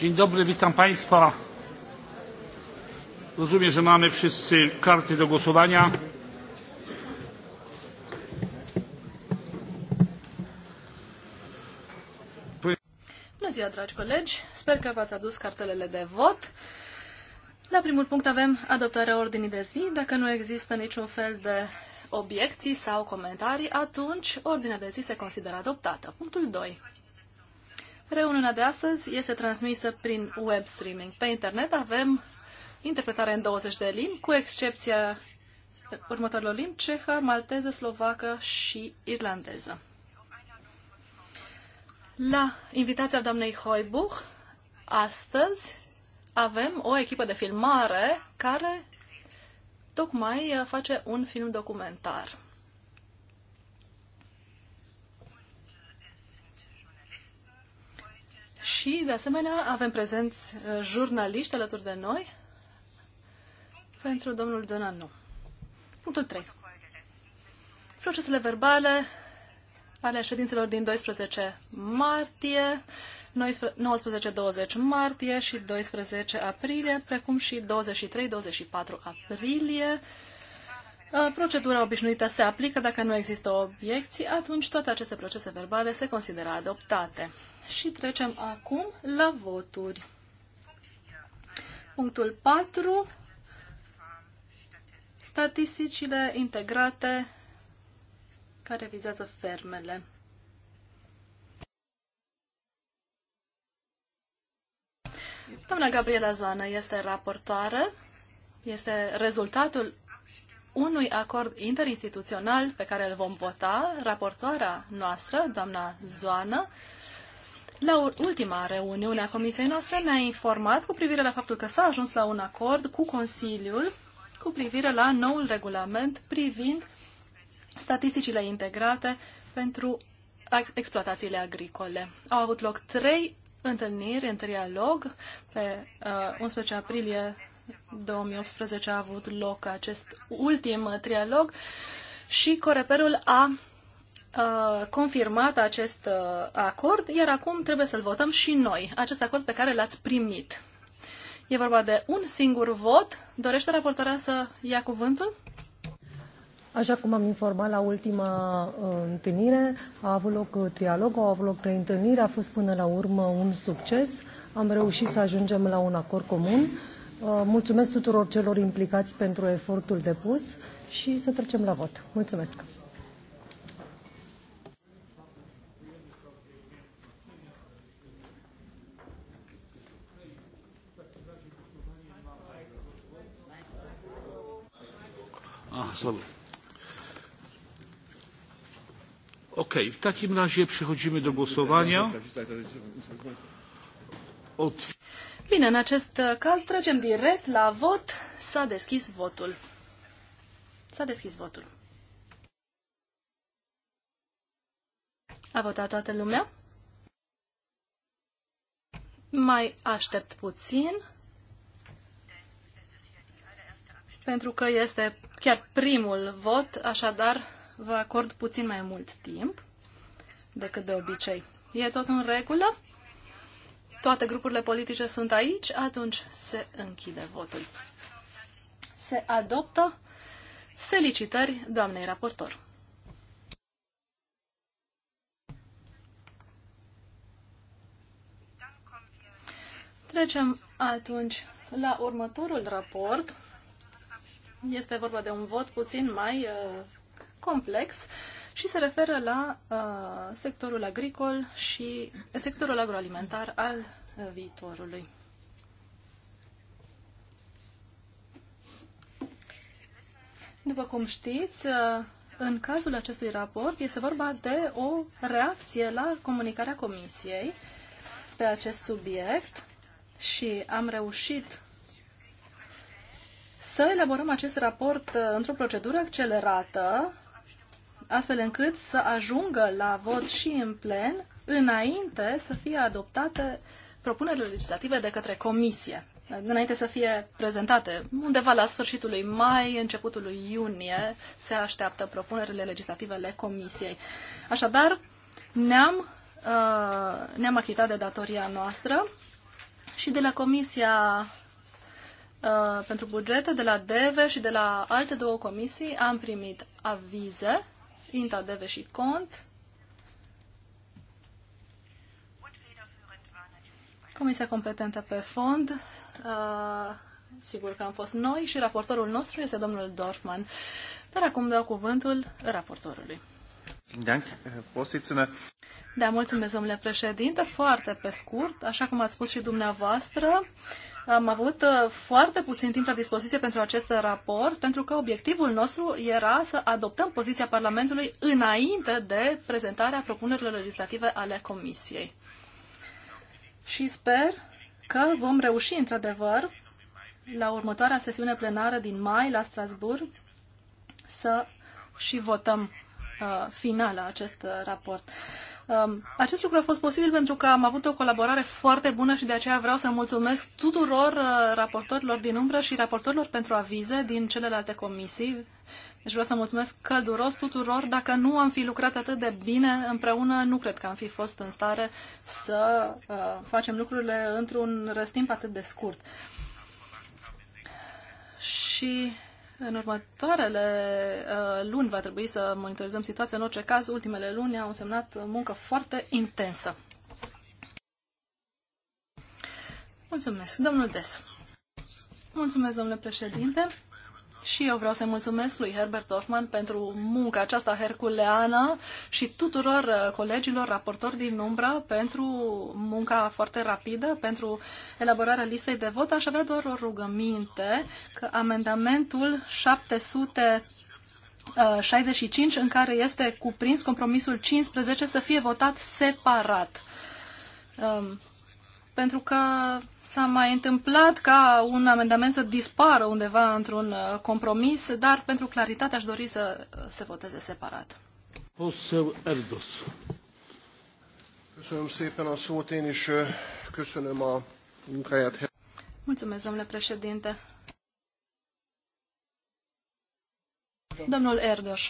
Dzień dobry, witam Państwa. Rozumiem, że mamy wszyscy karty do głosowania. Bună ziua, dragi colegi! Sper că v-ați adus cartelele de vot. La primul punct avem adoptarea ordinii de zi. Dacă nu există niciun fel de obiecții sau comentarii, atunci ordinea de zi se consideră adoptată. Punctul 2 Reuniunea de astăzi este transmisă prin web streaming. Pe internet avem interpretare în 20 de limbi, cu excepția următorilor limbi, cehă, malteză, slovacă și irlandeză. La invitația doamnei Hoibuch, astăzi avem o echipă de filmare care tocmai face un film documentar. Și, de asemenea, avem prezenți uh, jurnaliști alături de noi pentru domnul Donanu. Punctul 3. Procesele verbale ale ședințelor din 12 martie, 19-20 martie și 12 aprilie, precum și 23-24 aprilie. Uh, procedura obișnuită se aplică dacă nu există obiecții, atunci toate aceste procese verbale se consideră adoptate și trecem acum la voturi. Punctul 4. Statisticile integrate care vizează fermele. Doamna Gabriela Zoană este raportoară, este rezultatul unui acord interinstituțional pe care îl vom vota. Raportoarea noastră, doamna Zoană, la ultima reuniune a comisiei noastre ne-a informat cu privire la faptul că s-a ajuns la un acord cu Consiliul cu privire la noul regulament privind statisticile integrate pentru exploatațiile agricole. Au avut loc trei întâlniri în trialog. Pe 11 uh, aprilie 2018 a avut loc acest ultim trialog și Coreperul a confirmat acest uh, acord, iar acum trebuie să-l votăm și noi, acest acord pe care l-ați primit. E vorba de un singur vot. Dorește raportoarea să ia cuvântul? Așa cum am informat la ultima uh, întâlnire, a avut loc uh, trialog, au avut loc trei întâlniri, a fost până la urmă un succes. Am reușit să ajungem la un acord comun. Uh, mulțumesc tuturor celor implicați pentru efortul depus și să trecem la vot. Mulțumesc! Ok, w takim razie przechodzimy do głosowania. Od... Bine, în acest caz trecem direct la vot. S-a deschis votul. S-a deschis votul. A votat toată lumea? Mai aștept puțin. pentru că este chiar primul vot, așadar vă acord puțin mai mult timp decât de obicei. E tot în regulă? Toate grupurile politice sunt aici, atunci se închide votul. Se adoptă. Felicitări, doamnei raportor! Trecem atunci la următorul raport este vorba de un vot puțin mai uh, complex și se referă la uh, sectorul agricol și sectorul agroalimentar al uh, viitorului. După cum știți, uh, în cazul acestui raport este vorba de o reacție la comunicarea Comisiei pe acest subiect și am reușit să elaborăm acest raport uh, într-o procedură accelerată, astfel încât să ajungă la vot și în plen, înainte să fie adoptate propunerile legislative de către comisie, înainte să fie prezentate. Undeva la sfârșitul lui mai, începutul lui iunie, se așteaptă propunerile legislative ale comisiei. Așadar, ne-am uh, ne-am achitat de datoria noastră și de la Comisia Uh, pentru bugete de la DEVE și de la alte două comisii am primit avize, INTA, DEVE și CONT. Comisia competentă pe fond, uh, sigur că am fost noi și raportorul nostru este domnul Dorfman. Dar acum dau cuvântul raportorului. Da, mulțumesc, domnule președinte. Foarte pe scurt, așa cum ați spus și dumneavoastră, am avut uh, foarte puțin timp la dispoziție pentru acest raport, pentru că obiectivul nostru era să adoptăm poziția Parlamentului înainte de prezentarea propunerilor legislative ale Comisiei. Și sper că vom reuși, într-adevăr, la următoarea sesiune plenară din mai la Strasburg să și votăm uh, finala acest uh, raport. Um, acest lucru a fost posibil pentru că am avut o colaborare foarte bună și de aceea vreau să mulțumesc tuturor uh, raportorilor din umbră și raportorilor pentru avize din celelalte comisii. Deci vreau să mulțumesc călduros tuturor. Dacă nu am fi lucrat atât de bine împreună, nu cred că am fi fost în stare să uh, facem lucrurile într-un răstimp atât de scurt. Și în următoarele uh, luni va trebui să monitorizăm situația. În orice caz, ultimele luni au însemnat muncă foarte intensă. Mulțumesc, domnul Des. Mulțumesc, domnule președinte. Și eu vreau să mulțumesc lui Herbert Hoffman pentru munca aceasta herculeană și tuturor uh, colegilor raportori din umbră pentru munca foarte rapidă, pentru elaborarea listei de vot. Aș avea doar o rugăminte că amendamentul 700 65, uh, în care este cuprins compromisul 15, să fie votat separat. Um, pentru că s-a mai întâmplat ca un amendament să dispară undeva într-un uh, compromis, dar pentru claritate aș dori să uh, se voteze separat. Posseu Erdos. Köszönöm szépen a szót, én is uh, köszönöm a munkáját. Mulțumesc, domnule președinte. Domnul Erdos,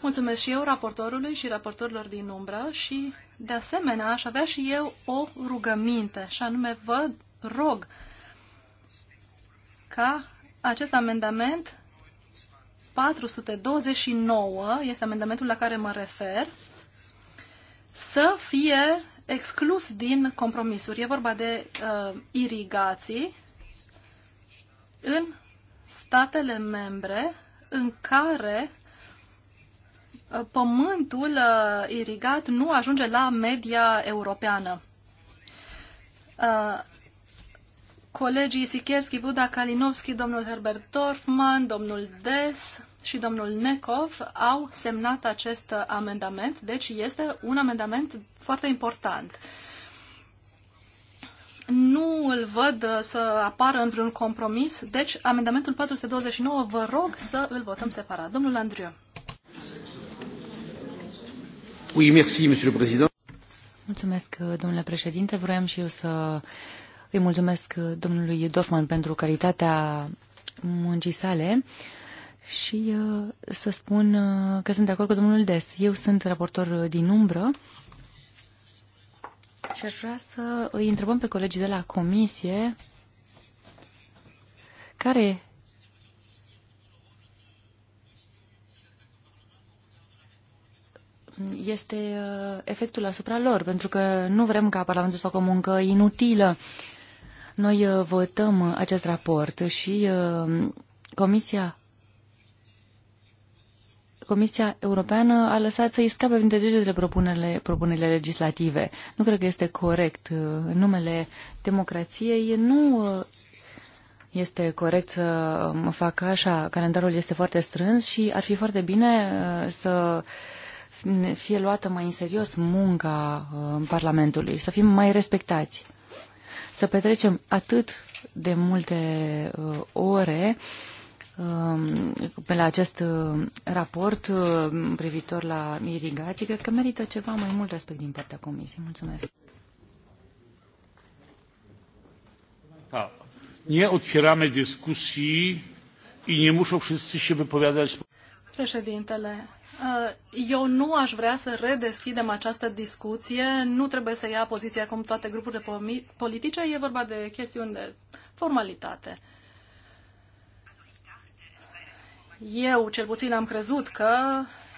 mulțumesc și eu raportorului și raportorilor din umbră și de asemenea, aș avea și eu o rugăminte, și anume vă rog ca acest amendament 429, este amendamentul la care mă refer, să fie exclus din compromisuri. E vorba de uh, irigații în statele membre în care pământul uh, irigat nu ajunge la media europeană. Uh, colegii Sikerski, Buda, Kalinowski, domnul Herbert Dorfman, domnul Des și domnul Nekov au semnat acest amendament, deci este un amendament foarte important nu îl văd să apară în vreun compromis, deci amendamentul 429 vă rog să îl votăm separat. Domnul Andriu. Mulțumesc, domnule președinte. Vroiam și eu să îi mulțumesc domnului Dorfman pentru calitatea muncii sale și uh, să spun uh, că sunt de acord cu domnul Des. Eu sunt raportor din umbră și aș vrea să îi întrebăm pe colegii de la comisie care este uh, efectul asupra lor, pentru că nu vrem ca Parlamentul să facă o muncă inutilă. Noi uh, votăm acest raport și uh, Comisia Comisia Europeană a lăsat să-i scape printre degetele propunerile, propunerile legislative. Nu cred că este corect. În numele democrației nu este corect să mă facă așa. Calendarul este foarte strâns și ar fi foarte bine să fie luată mai în serios munca uh, Parlamentului, să fim mai respectați, să petrecem atât de multe uh, ore um, pe la acest uh, raport privitor la irigații, cred că merită ceva mai mult respect din partea Comisiei. Mulțumesc. Nie otwieramy dyskusji i nie muszą wszyscy się wypowiadać. Președintele, Uh, eu nu aș vrea să redeschidem această discuție. Nu trebuie să ia poziție cum toate grupurile politice. E vorba de chestiuni de formalitate. Eu, cel puțin, am crezut că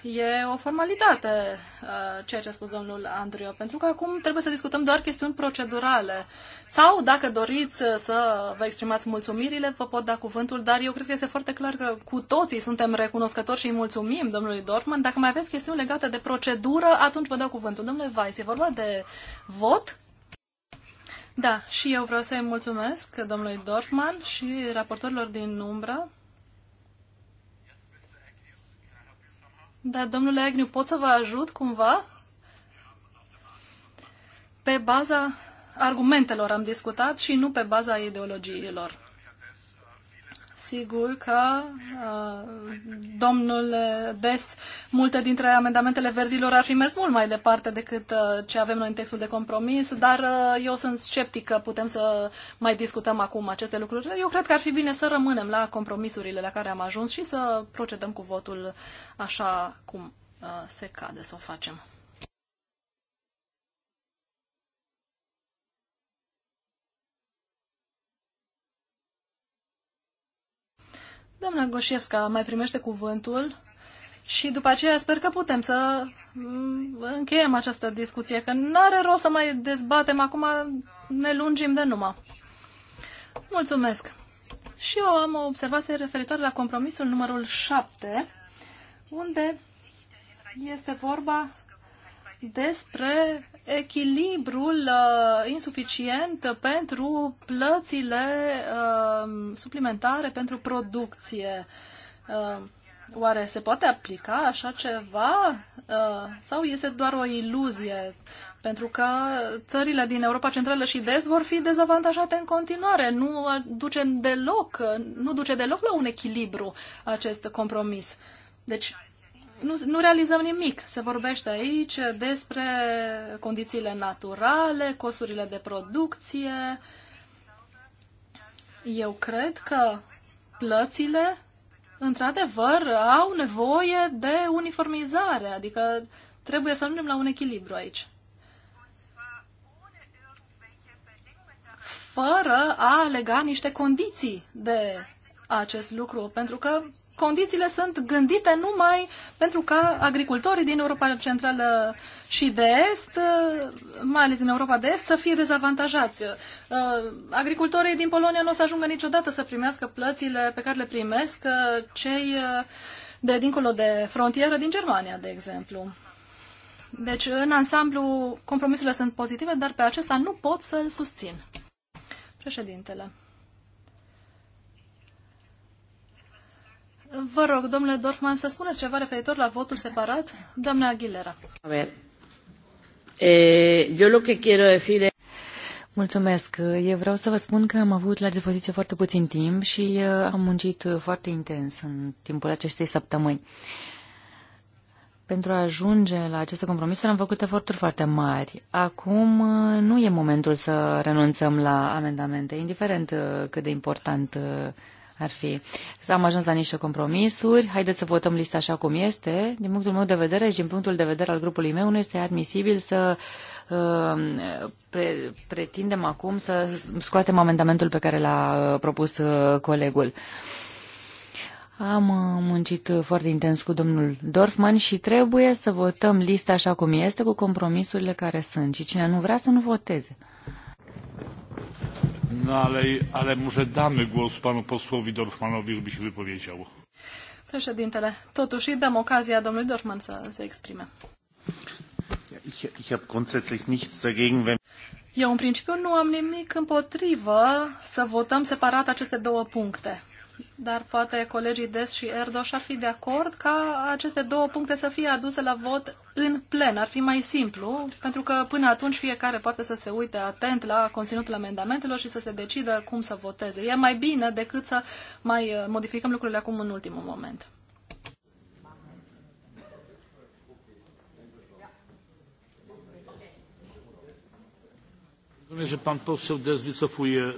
e o formalitate uh, ceea ce a spus domnul Andriu, pentru că acum trebuie să discutăm doar chestiuni procedurale. Sau, dacă doriți uh, să vă exprimați mulțumirile, vă pot da cuvântul, dar eu cred că este foarte clar că cu toții suntem recunoscători și îi mulțumim domnului Dorfman. Dacă mai aveți chestiuni legate de procedură, atunci vă dau cuvântul. Domnule Weiss, e vorba de vot? Da, și eu vreau să-i mulțumesc domnului Dorfman și raportorilor din umbră Da, domnule Agniu, pot să vă ajut cumva? Pe baza argumentelor am discutat și nu pe baza ideologiilor sigur că uh, domnul Des, multe dintre amendamentele verzilor ar fi mers mult mai departe decât uh, ce avem noi în textul de compromis, dar uh, eu sunt sceptic că putem să mai discutăm acum aceste lucruri. Eu cred că ar fi bine să rămânem la compromisurile la care am ajuns și să procedăm cu votul așa cum uh, se cade să o facem. Doamna Goșievska mai primește cuvântul și după aceea sper că putem să mm, încheiem această discuție, că nu are rost să mai dezbatem acum, ne lungim de numai. Mulțumesc! Și eu am o observație referitoare la compromisul numărul 7, unde este vorba despre echilibrul uh, insuficient pentru plățile uh, suplimentare pentru producție. Uh, oare se poate aplica așa ceva uh, sau este doar o iluzie? Pentru că țările din Europa Centrală și de Est vor fi dezavantajate în continuare. Nu, duce deloc, nu duce deloc la un echilibru acest compromis. Deci nu, nu realizăm nimic. Se vorbește aici despre condițiile naturale, costurile de producție. Eu cred că plățile, într-adevăr, au nevoie de uniformizare, adică trebuie să ajungem la un echilibru aici. Fără a lega niște condiții de acest lucru, pentru că condițiile sunt gândite numai pentru ca agricultorii din Europa Centrală și de Est, mai ales din Europa de Est, să fie dezavantajați. Uh, agricultorii din Polonia nu o să ajungă niciodată să primească plățile pe care le primesc uh, cei uh, de dincolo de frontieră din Germania, de exemplu. Deci, în ansamblu, compromisurile sunt pozitive, dar pe acesta nu pot să-l susțin. Președintele. Vă rog, domnule Dorfman, să spuneți ceva referitor la votul separat. Doamna Aguilera. A ver. Eu, eh, yo lo que quiero decir es... Mulțumesc. Eu vreau să vă spun că am avut la dispoziție foarte puțin timp și eh, am muncit eh, foarte intens în timpul acestei săptămâni. Pentru a ajunge la aceste compromisuri am făcut eforturi foarte mari. Acum nu e momentul să renunțăm la amendamente, indiferent cât de important ar fi. Am ajuns la niște compromisuri, haideți să votăm lista așa cum este. Din punctul meu de vedere și din punctul de vedere al grupului meu, nu este admisibil să uh, pre, pretindem acum să scoatem amendamentul pe care l-a uh, propus uh, colegul. Am uh, muncit foarte intens cu domnul Dorfman și trebuie să votăm lista așa cum este, cu compromisurile care sunt. Și cine nu vrea să nu voteze dalej, ale może damy głos panu posłowi Dorfmanowi, żeby się wypowiedział. Președintele, totuși îi dăm ocazia domnului Dorfman să se exprime. Ich, ich habe grundsätzlich nichts dagegen, wenn... Eu, în principiu, nu am nimic împotrivă să votăm separat aceste două puncte dar poate colegii Des și Erdos ar fi de acord ca aceste două puncte să fie aduse la vot în plen. Ar fi mai simplu, pentru că până atunci fiecare poate să se uite atent la conținutul amendamentelor și să se decidă cum să voteze. E mai bine decât să mai eh, modificăm lucrurile acum în ultimul moment. Rozumiem, że pan poseł Des wycofuje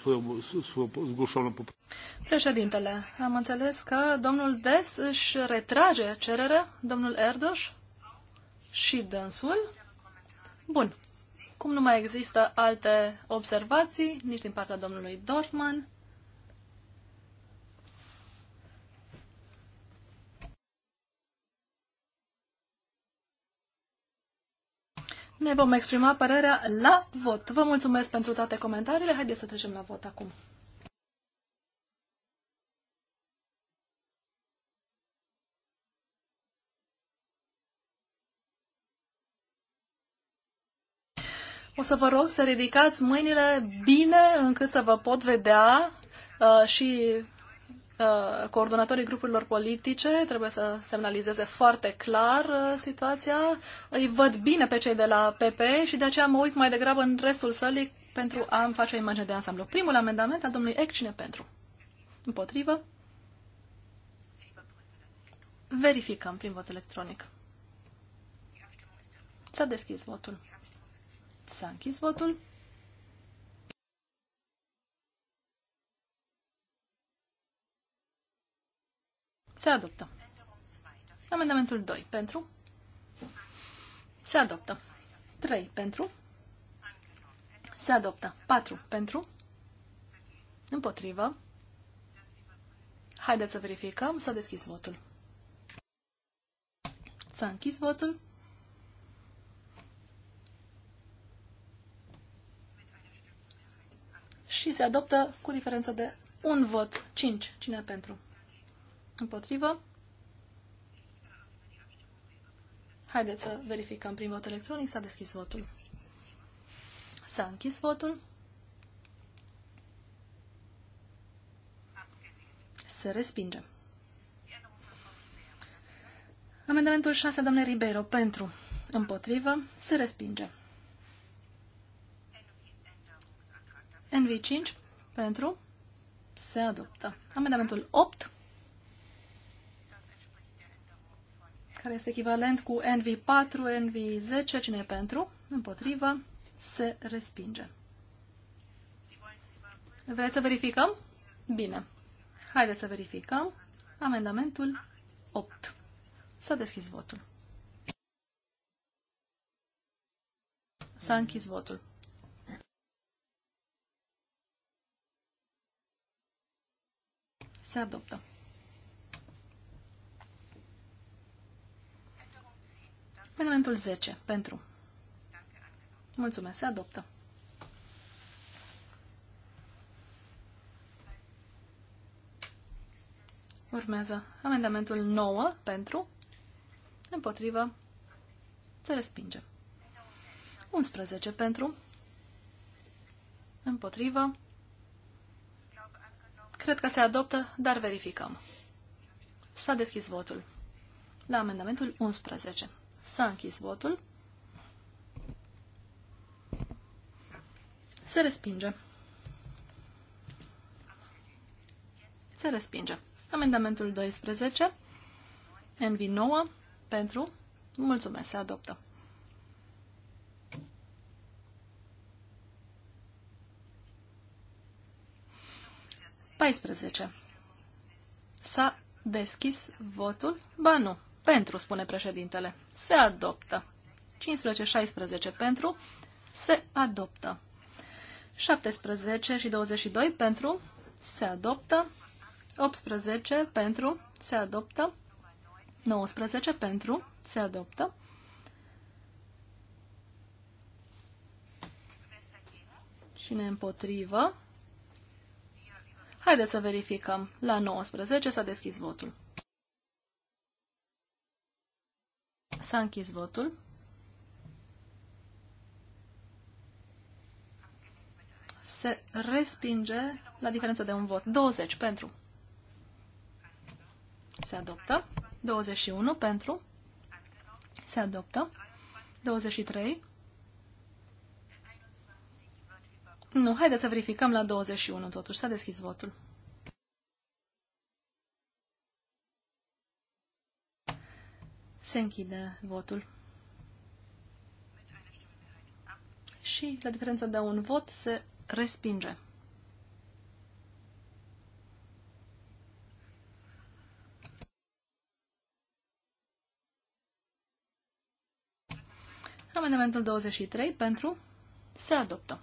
swoją, swoją zgłoszoną poprawkę. Președintele, am înțeles că domnul Des își retrage cererea, domnul Erdos și dânsul. Bun. Cum nu mai există alte observații, nici din partea domnului Dorfman, Ne vom exprima părerea la vot. Vă mulțumesc pentru toate comentariile. Haideți să trecem la vot acum. O să vă rog să ridicați mâinile bine încât să vă pot vedea uh, și Uh, coordonatorii grupurilor politice trebuie să semnalizeze foarte clar uh, situația. Îi văd bine pe cei de la PP și de aceea mă uit mai degrabă în restul sălii pentru a-mi face o imagine de ansamblu. Primul amendament al domnului Ec, cine pentru? Împotrivă? Verificăm prin vot electronic. S-a deschis votul. S-a închis votul. Se adoptă. Amendamentul 2. Pentru. Se adoptă. 3. Pentru. Se adoptă. 4. Pentru. Împotrivă. Haideți să verificăm. S-a deschis votul. S-a închis votul. Și se adoptă cu diferență de un vot. 5. Cine pentru? Împotrivă. Haideți să verificăm prin vot electronic. S-a deschis votul. S-a închis votul. Se respinge. Amendamentul 6, domnule Ribeiro, pentru, împotrivă, se respinge. NV5, pentru, se adoptă. Amendamentul 8, care este echivalent cu NV4, NV10, cine e pentru, împotrivă, se respinge. Vreți să verificăm? Bine. Haideți să verificăm amendamentul 8. S-a deschis votul. S-a închis votul. Se adoptă. Amendamentul 10. Pentru. Mulțumesc. Se adoptă. Urmează amendamentul 9 pentru, împotrivă, se respinge. 11 pentru, împotrivă, cred că se adoptă, dar verificăm. S-a deschis votul la amendamentul 11. S-a închis votul. Se respinge. Se respinge. Amendamentul 12, Envi 9 pentru, mulțumesc, se adoptă. S-a deschis votul? Ba nu. Pentru, spune președintele se adoptă. 15-16 pentru, se adoptă. 17 și 22 pentru, se adoptă. 18 pentru, se adoptă. 19 pentru, se adoptă. 5 împotrivă. Haideți să verificăm. La 19 s-a deschis votul. S-a închis votul. Se respinge la diferență de un vot. 20 pentru. Se adoptă. 21 pentru. Se adoptă. 23. Nu, haideți să verificăm la 21 totuși. S-a deschis votul. Se închide votul. Și, la diferență de un vot, se respinge. Amendamentul 23 pentru se adoptă.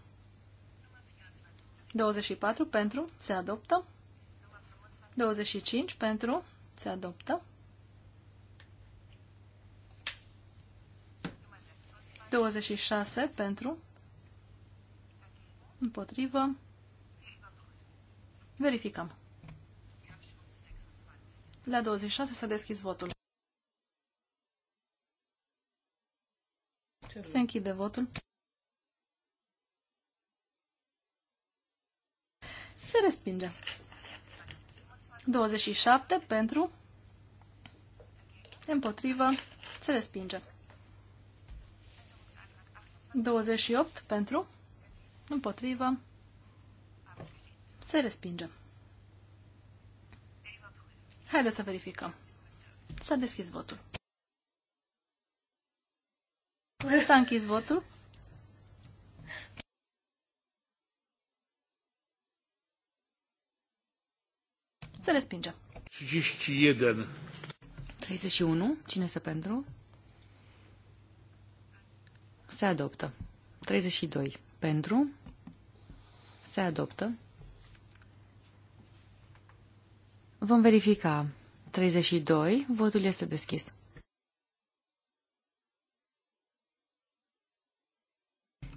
24 pentru se adoptă. 25 pentru se adoptă. 26 pentru, împotrivă, verificăm. La 26 s-a deschis votul. Se închide votul. Se respinge. 27 pentru, împotrivă, se respinge. 28 pentru, împotrivă, se respinge. Haideți să verificăm. S-a deschis votul. S-a închis votul. Se respinge. 31. 31. Cine este pentru? Se adoptă. 32. Pentru. Se adoptă. Vom verifica. 32. Votul este deschis.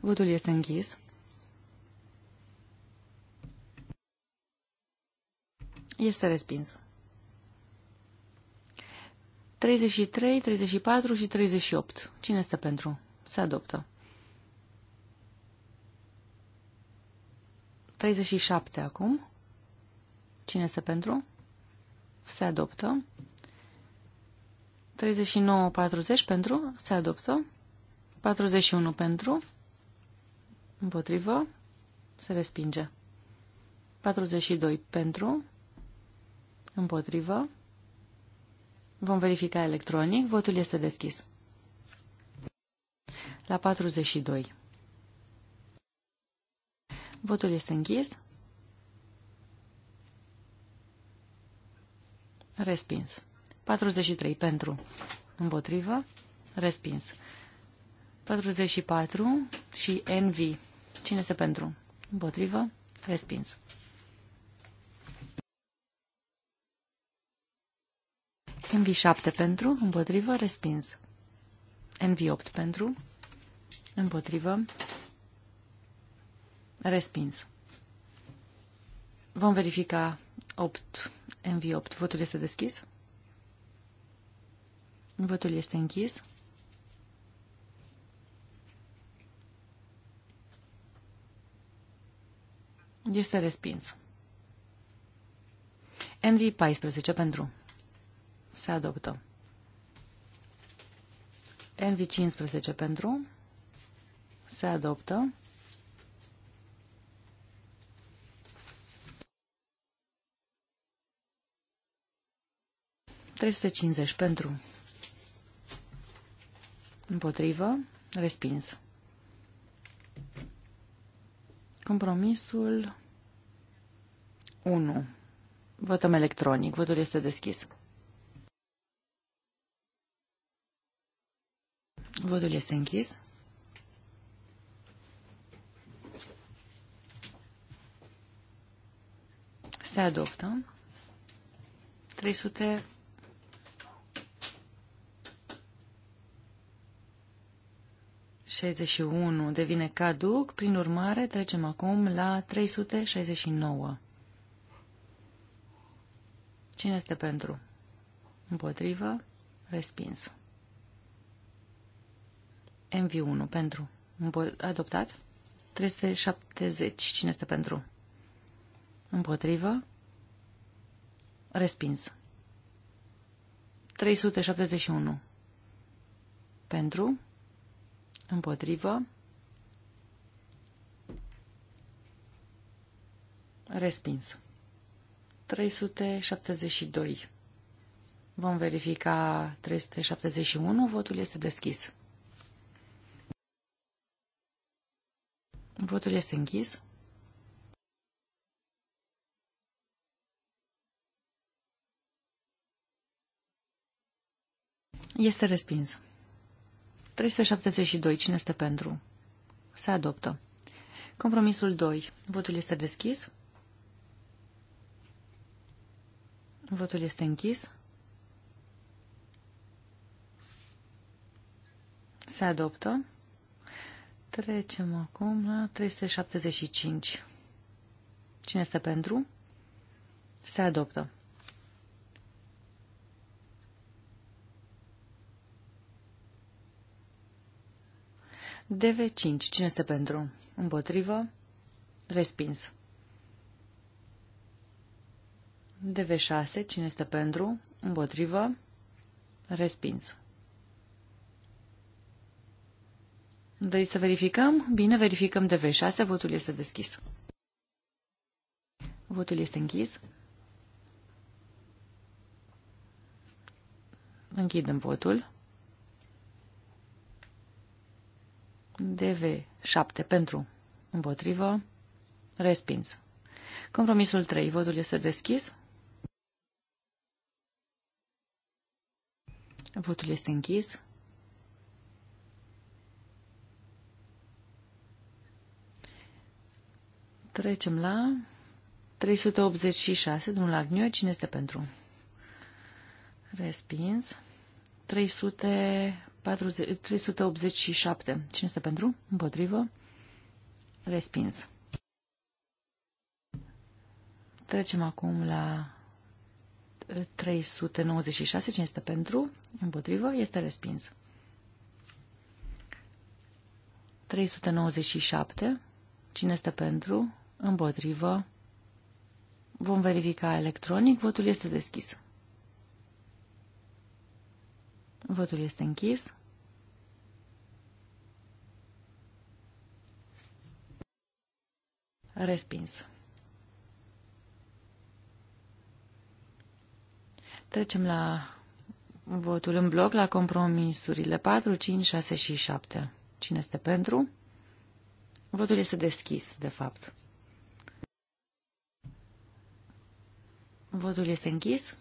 Votul este închis. Este respins. 33, 34 și 38. Cine este pentru? Se adoptă. 37 acum. Cine este pentru? Se adoptă. 39, 40 pentru? Se adoptă. 41 pentru? Împotrivă? Se respinge. 42 pentru? Împotrivă? Vom verifica electronic. Votul este deschis la 42. Votul este închis. Respins. 43 pentru. Împotrivă. Respins. 44 și NV. Cine este pentru? Împotrivă. Respins. NV7 pentru. Împotrivă. Respins. NV8 pentru. Împotrivă. Respins. Vom verifica 8, MV8. Votul este deschis? Votul este închis. Este respins. NV14 pentru. Se adoptă. NV15 pentru. Se adoptă. Treste cincizeci pentru. Împotrivă. Respins. Compromisul 1. Votăm electronic. Votul este deschis. Votul este închis. Se adoptă. 300 61 devine caduc, prin urmare trecem acum la 369. Cine este pentru? Împotrivă? Respins. MV1 pentru. Adoptat? 370. Cine este pentru? Împotrivă. Respins. 371. Pentru. Împotrivă. Respins. 372. Vom verifica 371. Votul este deschis. Votul este închis. Este respins. 372. Cine este pentru? Se adoptă. Compromisul 2. Votul este deschis. Votul este închis. Se adoptă. Trecem acum la 375. Cine este pentru? Se adoptă. DV5. Cine este pentru? Împotrivă. Respins. DV6. Cine este pentru? Împotrivă. Respins. Doriți să verificăm? Bine, verificăm DV6. Votul este deschis. Votul este închis. Închidem votul. DV7 pentru, împotrivă, respins. Compromisul 3. Votul este deschis. Votul este închis. Trecem la 386, domnul Agniu, cine este pentru? Respins. 300 40, 387. Cine este pentru? Împotrivă? Respins. Trecem acum la 396. Uh, Cine este pentru? Împotrivă? Este respins. 397. Cine este pentru? Împotrivă? Vom verifica electronic. Votul este deschis. Votul este închis. Respins. Trecem la votul în bloc, la compromisurile 4, 5, 6 și 7. Cine este pentru? Votul este deschis, de fapt. Votul este închis.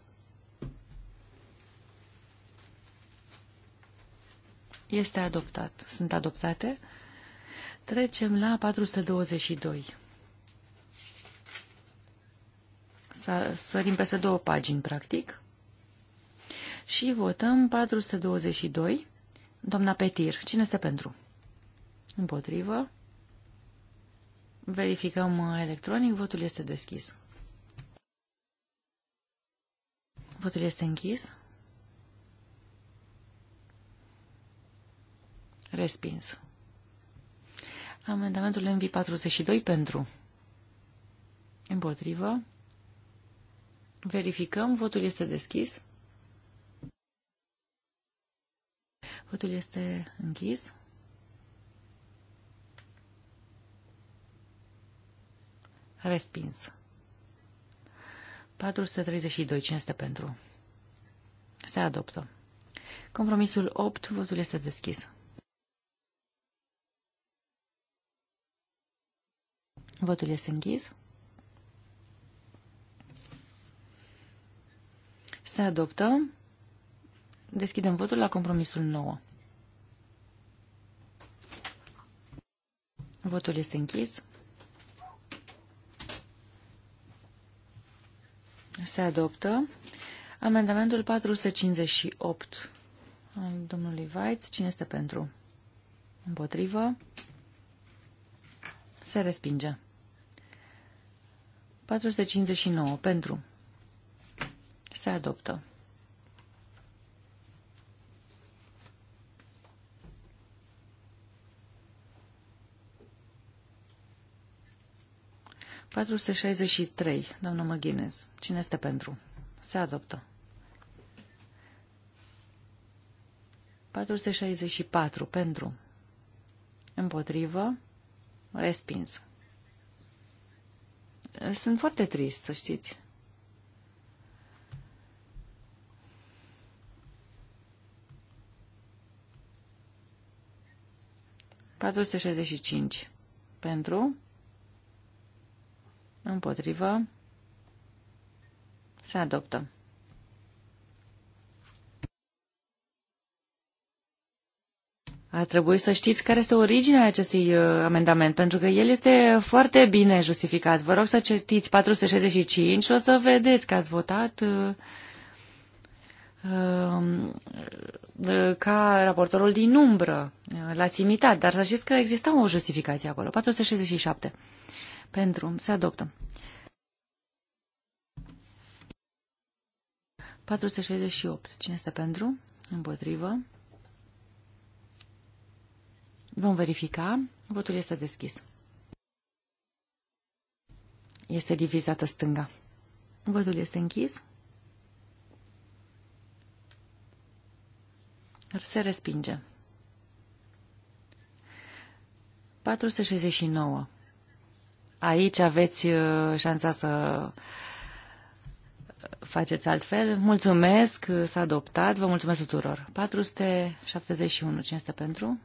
Este adoptat. Sunt adoptate. Trecem la 422. să sărim peste două pagini, practic. Și votăm 422. Doamna Petir, cine este pentru? Împotrivă. Verificăm electronic, votul este deschis. Votul este închis. Respins. Amendamentul MV42 pentru. Împotrivă. Verificăm, votul este deschis. Votul este închis. Respins. 432. Cine este pentru? Se adoptă. Compromisul 8. Votul este deschis. Votul este închis. Se adoptă. Deschidem votul la compromisul 9. Votul este închis. Se adoptă. Amendamentul 458 al domnului Weitz. Cine este pentru? Împotrivă. Se respinge. 459 pentru se adoptă. Patru trei, doamnă Măghinez. Cine este pentru? Se adoptă. 464 pentru. Împotrivă. Respins. Sunt foarte trist, să știți. 465 pentru, împotrivă, se adoptă. A trebuit să știți care este originea acestui uh, amendament, pentru că el este foarte bine justificat. Vă rog să citiți 465 și o să vedeți că ați votat uh, Ehm, ca raportorul din umbră. L-ați imitat, dar să știți că exista o justificație acolo. 467. Pentru. Se adoptă. 468. Cine este pentru? Împotrivă. Vom verifica. Votul este deschis. Este divizată stânga. Votul este închis. Se respinge. 469. Aici aveți uh, șansa să uh, faceți altfel. Mulțumesc, uh, s-a adoptat. Vă mulțumesc tuturor. 471. Cine este pentru?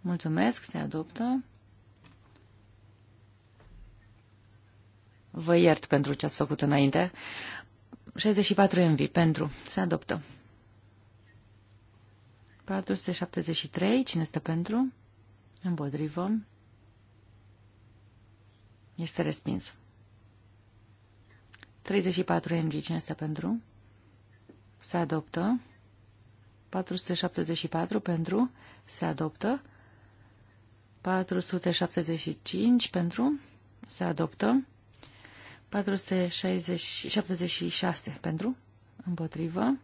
Mulțumesc, se adoptă. Vă iert pentru ce ați făcut înainte. 64 MV pentru. Se adoptă. 473. Cine este pentru? Împotrivă. Este respins. 34 NG. Cine este pentru? Se adoptă. 474 pentru. Se adoptă. 475 pentru. Se adoptă. 476 pentru. Împotrivă.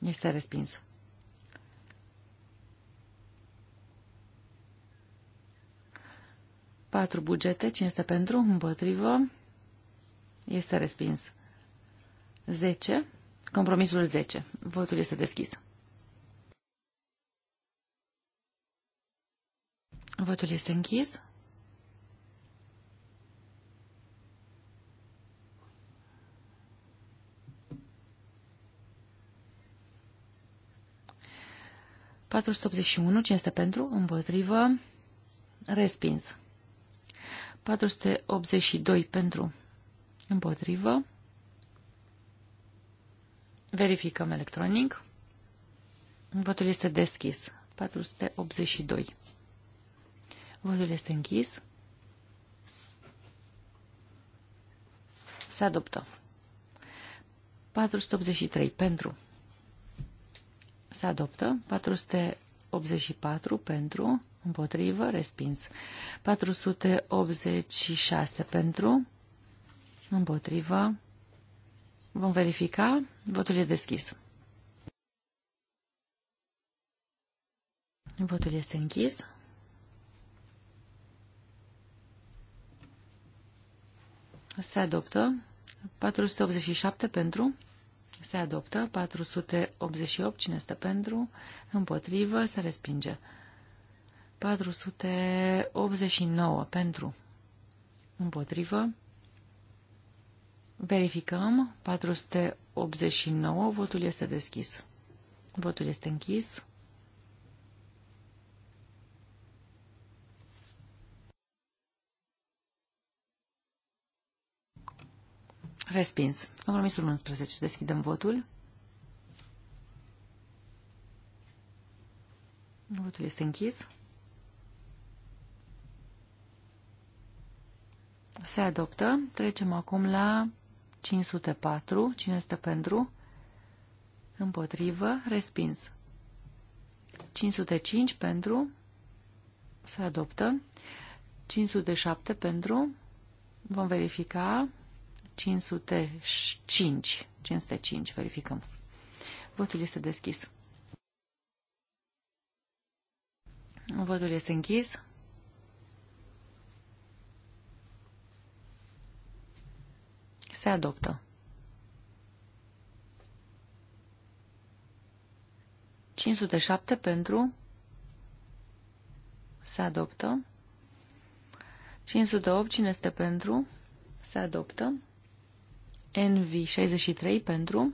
Este respins. Patru bugete, Cine este pentru, împotrivă. Este respins. 10. Compromisul 10. Votul este deschis. Votul este închis. 481. Cine este pentru? Împotrivă. Respins. 482 pentru. Împotrivă. Verificăm electronic. Votul este deschis. 482. Votul este închis. Se adoptă. 483 pentru se adoptă. 484 pentru, împotrivă, respins. 486 pentru, împotrivă. Vom verifica. Votul e deschis. Votul este închis. Se adoptă. 487 pentru, se adoptă. 488. Cine stă pentru? Împotrivă. Se respinge. 489. Pentru. Împotrivă. Verificăm. 489. Votul este deschis. Votul este închis. Respins. Compromisul 11. Deschidem votul. Votul este închis. Se adoptă. Trecem acum la 504. Cine este pentru? Împotrivă. Respins. 505 pentru. Se adoptă. 507 pentru. Vom verifica. 505. 505, verificăm. Votul este deschis. Votul este închis. Se adoptă. 507 pentru se adoptă. 508, cine este pentru? Se adoptă. NV63 pentru,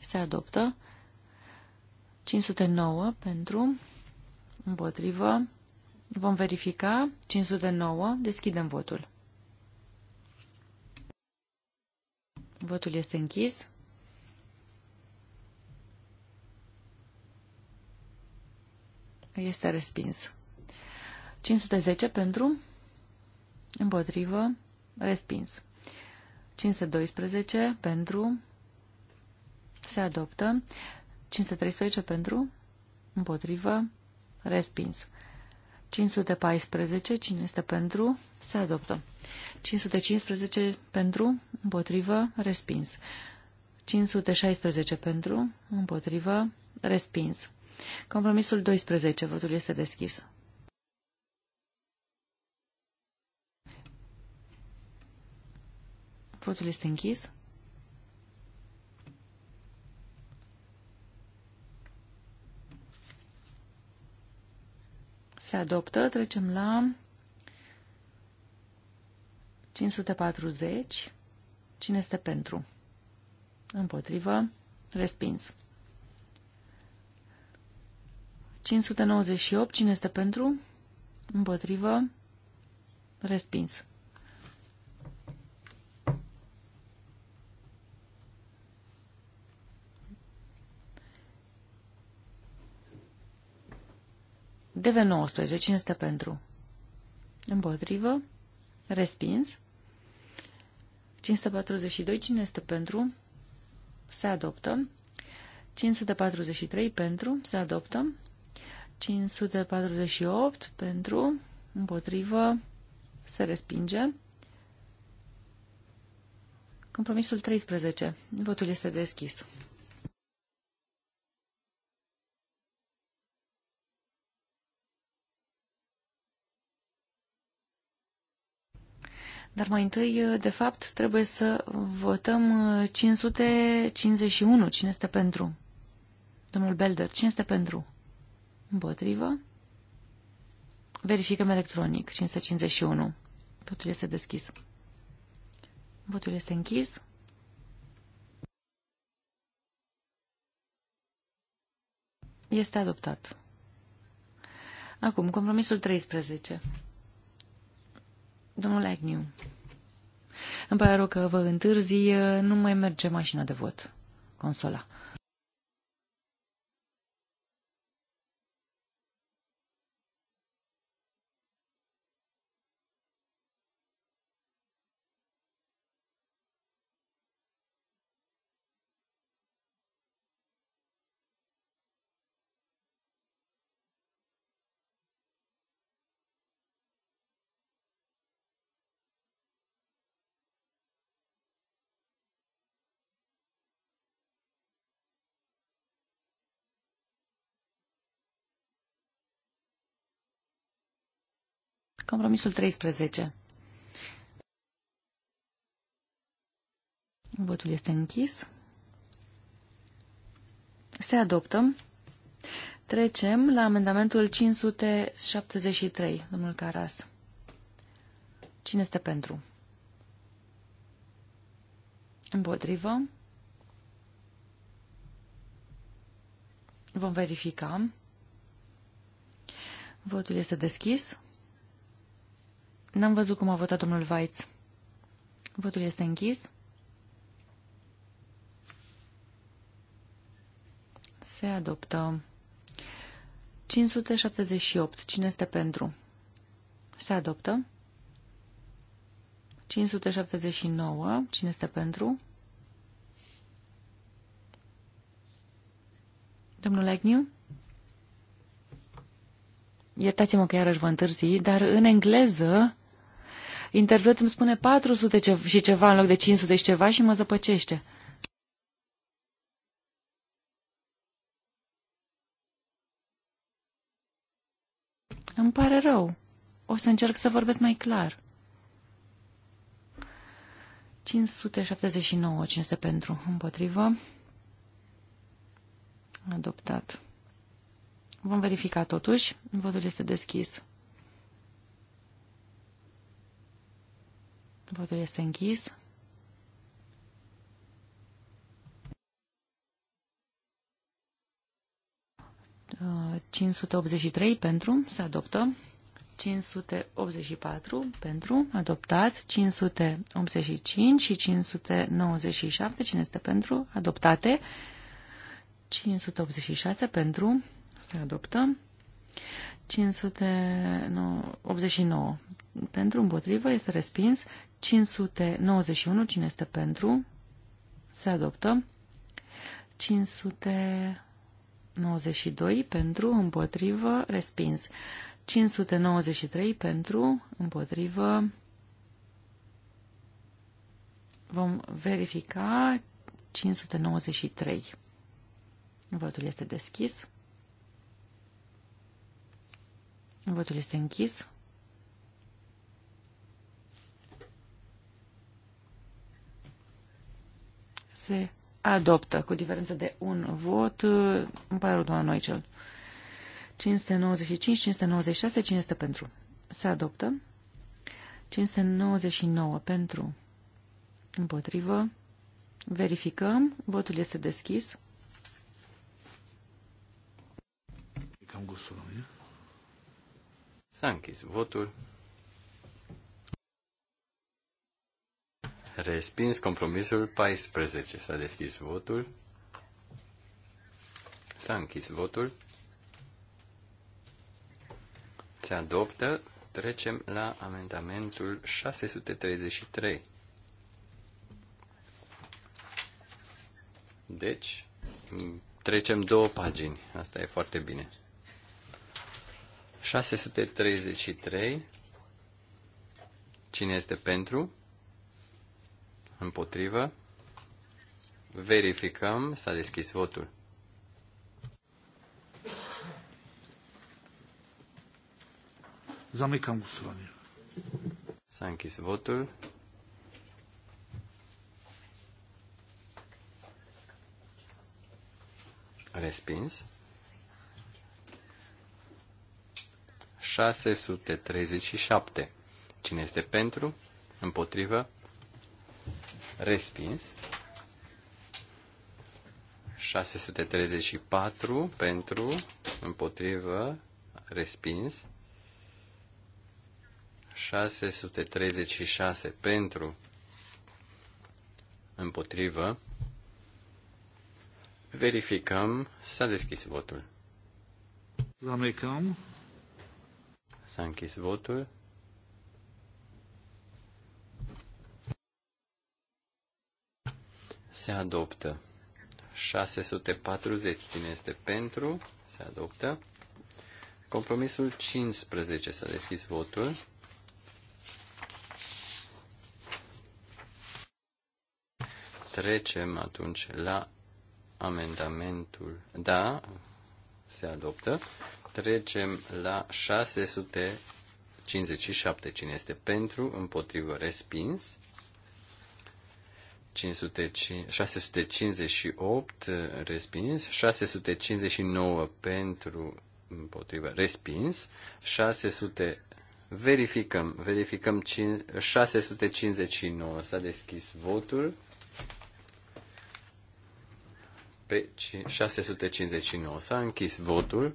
se adoptă. 509 pentru, împotrivă. Vom verifica. 509, deschidem votul. Votul este închis. Este respins. 510 pentru, împotrivă, respins. 512 pentru, se adoptă. 513 pentru, împotrivă, respins. 514, cine este pentru, se adoptă. 515 pentru, împotrivă, respins. 516 pentru, împotrivă, respins. Compromisul 12, votul este deschis. Votul este închis. Se adoptă. Trecem la 540. Cine este pentru? Împotrivă. Respins. 598. Cine este pentru? Împotrivă. Respins. DV19. Cine este pentru? Împotrivă. Respins. 542. Cine este pentru? Se adoptă. 543 pentru. Se adoptă. 548 pentru. Împotrivă. Se respinge. Compromisul 13. Votul este deschis. Dar mai întâi, de fapt, trebuie să votăm 551. Uh, cine este pentru? Domnul Belder, cine este pentru? Împotrivă? Verificăm electronic. 551. Votul este deschis. Votul este închis. Este adoptat. Acum, compromisul 13. Domnul Agnew. Îmi pare rău că vă întârzi, nu mai merge mașina de vot. Consola. Compromisul 13. Votul este închis. Se adoptă. Trecem la amendamentul 573, domnul Caras. Cine este pentru? Împotrivă. Vom verifica. Votul este deschis. N-am văzut cum a votat domnul Weitz. Votul este închis. Se adoptă. 578. Cine este pentru? Se adoptă. 579. Cine este pentru? Domnul Agnew? Iertați-mă că iarăși vă întârzi, dar în engleză interpret îmi spune 400 și ceva în loc de 500 și ceva și mă zăpăcește. Îmi pare rău. O să încerc să vorbesc mai clar. 579, cine este pentru, împotrivă. Adoptat. Vom verifica totuși. Votul este deschis. Votul este închis. Uh, 583 pentru, se adoptă. 584 pentru, adoptat, 585 și 597, cine este pentru, adoptate, 586 pentru, se adoptă, 589 pentru, împotrivă, este respins, 591, cine este pentru, se adoptă. 592 pentru, împotrivă, respins. 593 pentru, împotrivă, vom verifica 593. Votul este deschis. Votul este închis. se adoptă cu diferență de un vot. Îmi pare rău doamna Noicel. 595, 596, cine este pentru? Se adoptă. 599 pentru. Împotrivă. Verificăm. Votul este deschis. S-a închis votul. Respins compromisul 14. S-a deschis votul. S-a închis votul. Se adoptă. Trecem la amendamentul 633. Deci, trecem două pagini. Asta e foarte bine. 633. Cine este pentru? Împotrivă. Verificăm. S-a deschis votul. Zamykam głosowanie. S-a închis votul. Respins. 637. Cine este pentru? Împotrivă? Respins. 634 pentru, împotrivă, respins. 636 pentru, împotrivă. Verificăm. S-a deschis votul. S-a închis votul. se adoptă. 640, cine este pentru, se adoptă. Compromisul 15, s-a deschis votul. Trecem atunci la amendamentul. Da, se adoptă. Trecem la 657. Cine este pentru, împotrivă, respins. 658 eh, respins, 659 pentru împotrivă respins, 600 verificăm, verificăm 659 s-a deschis votul pe 659 s-a închis votul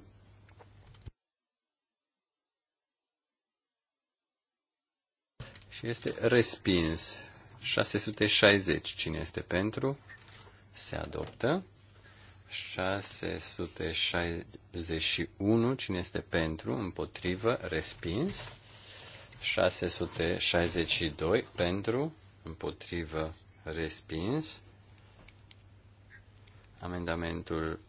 și este respins 660. Cine este pentru? Se adoptă. 661. Cine este pentru? Împotrivă. Respins. 662. Pentru. Împotrivă. Respins. Amendamentul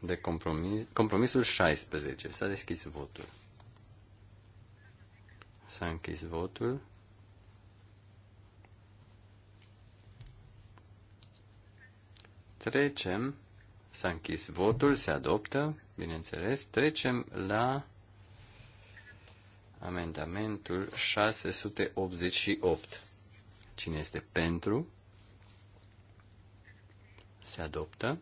de compromis, compromisul 16. S-a deschis votul. S-a închis votul. Trecem, s-a închis votul, se adoptă, bineînțeles, trecem la amendamentul 688. Cine este pentru? Se adoptă.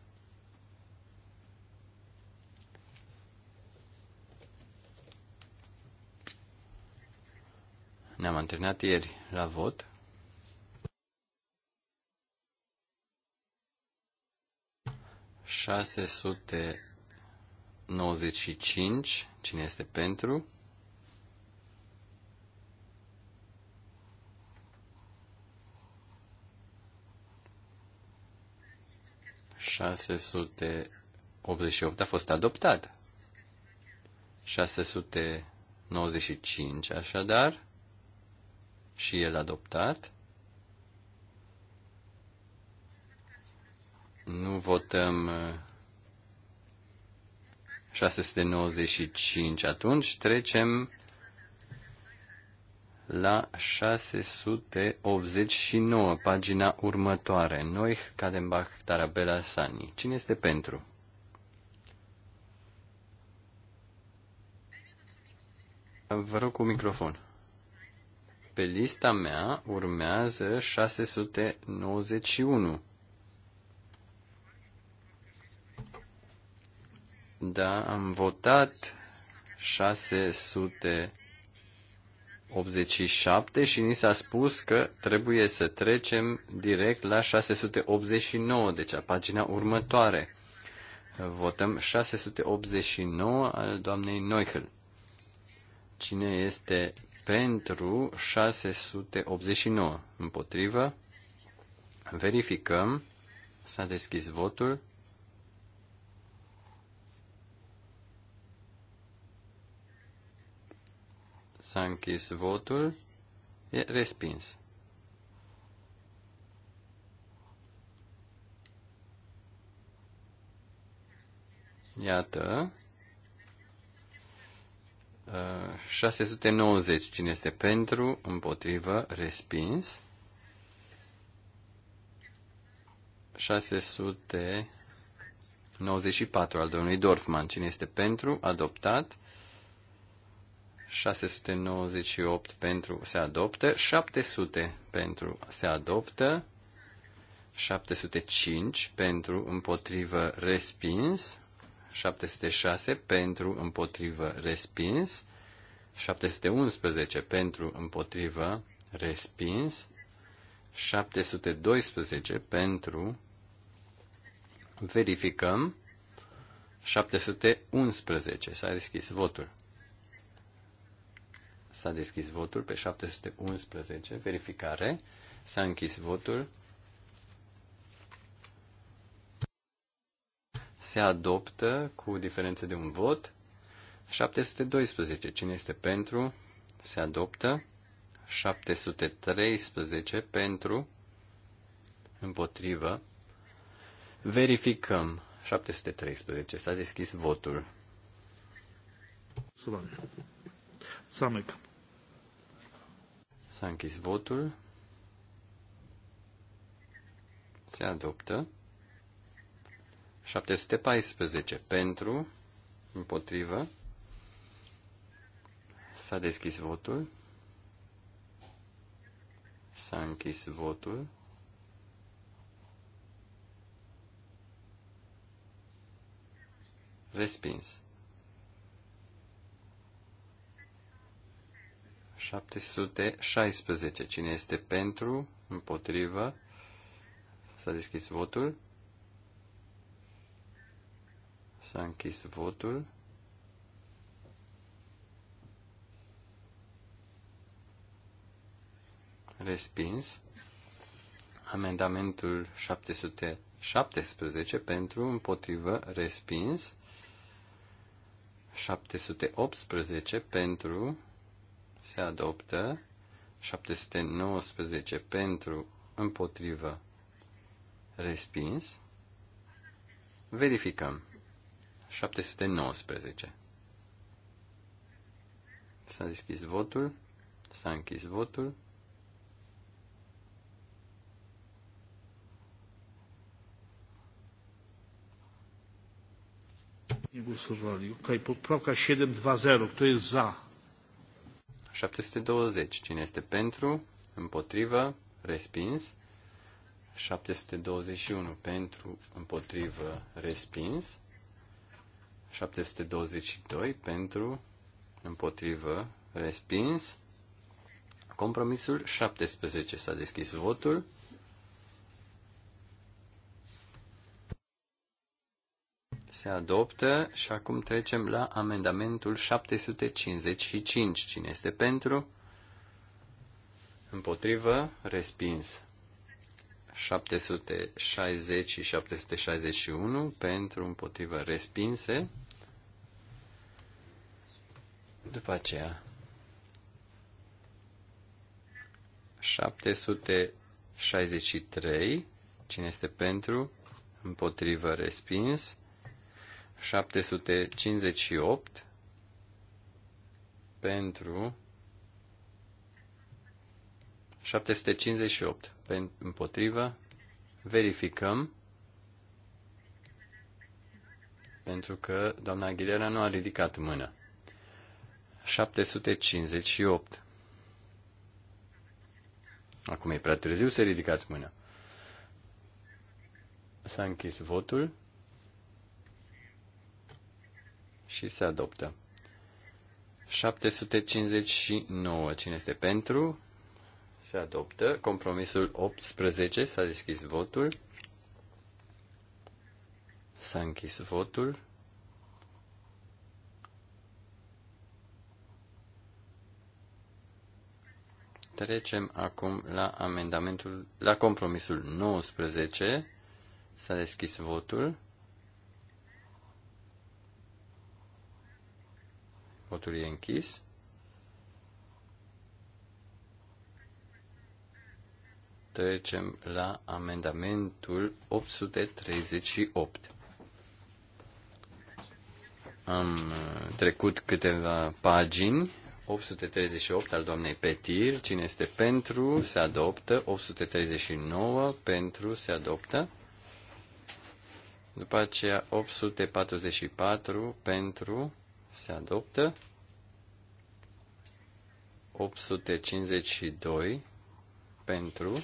Ne-am antrenat ieri la vot 695. Cine este pentru? șase sute 88 a fost adoptat. 695, așadar, și el adoptat. Nu votăm 695 uh, atunci. Trecem la 689, pagina următoare. Noi, Cadembach, Tarabela, Sani. Cine este pentru? Vă rog cu microfon. Pe lista mea urmează 691. Da, am votat 687 și ni s-a spus că trebuie să trecem direct la 689, deci la pagina următoare. Votăm 689 al doamnei Neuchel. Cine este pentru 689? Împotrivă? Verificăm. S-a deschis votul. S-a închis votul. E respins. Iată. 690. Uh, Cine este pentru, împotrivă, respins. 694 al domnului Dorfman. Cine este pentru, adoptat. 698 pentru se adoptă, 700 pentru se adoptă, 705 pentru împotrivă respins, 706 pentru împotrivă respins, 711 pentru împotrivă respins, 712 pentru verificăm, 711 s-a deschis votul. S-a deschis votul pe 711. Verificare. S-a închis votul. Se adoptă cu diferență de un vot. 712. Cine este pentru? Se adoptă. 713 pentru. Împotrivă. Verificăm. 713. S-a deschis votul. Să Samec. S-a închis votul. Se adoptă. 714 pentru, împotrivă. S-a deschis votul. S-a închis votul. Respins. 716. Cine este pentru? Împotrivă? S-a deschis votul. S-a închis votul. Respins. Amendamentul 717 pentru împotrivă respins. 718 pentru se adoptă. 719 pentru, împotrivă, respins. Verificăm. 719. S-a deschis votul. S-a închis votul. Nie głosowali. Ok, poprawka 720. Kto jest za? 720. Cine este pentru? Împotrivă? Respins. 721 pentru, împotrivă, respins. 722 pentru, împotrivă, respins. Compromisul 17 s-a deschis votul. se adoptă și acum trecem la amendamentul 755. Cine este pentru? Împotrivă? Respins. 760 și 761 pentru împotrivă respinse. După aceea 763 cine este pentru împotrivă respins. 758 pentru 758 pentru împotrivă verificăm pentru că doamna Aguilera nu a ridicat mâna. 758 Acum e prea târziu să ridicați mâna. S-a închis votul și se adoptă. 759. Cine este pentru? Se adoptă. Compromisul 18. S-a deschis votul. S-a închis votul. Trecem acum la amendamentul, la compromisul 19. S-a deschis votul. Votul e închis. Trecem la amendamentul 838. Am uh, trecut câteva pagini. 838 al doamnei Petir. Cine este pentru, se adoptă. 839 pentru, se adoptă. După aceea 844 pentru, se adoptă. 852 pentru.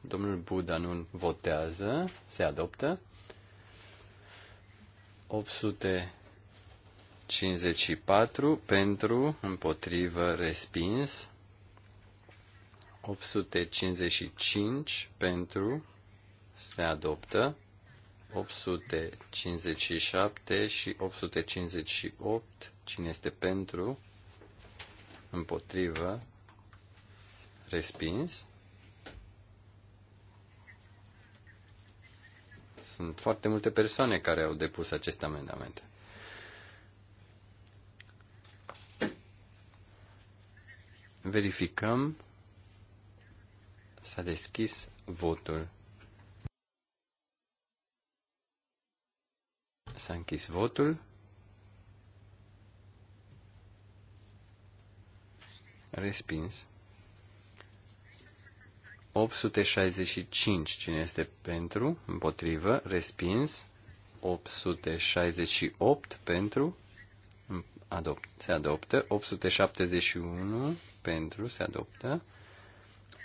Domnul Buda nu votează, se adoptă. 854 pentru, împotrivă, respins. 855 pentru, se adoptă. 857 și 858. Cine este pentru? Împotrivă? Respins? Sunt foarte multe persoane care au depus aceste amendamente. Verificăm. S-a deschis votul. S-a închis votul. Respins. 865. Cine este pentru? Împotrivă. Respins. 868 pentru. Adopt, se adoptă. 871 pentru. Se adoptă.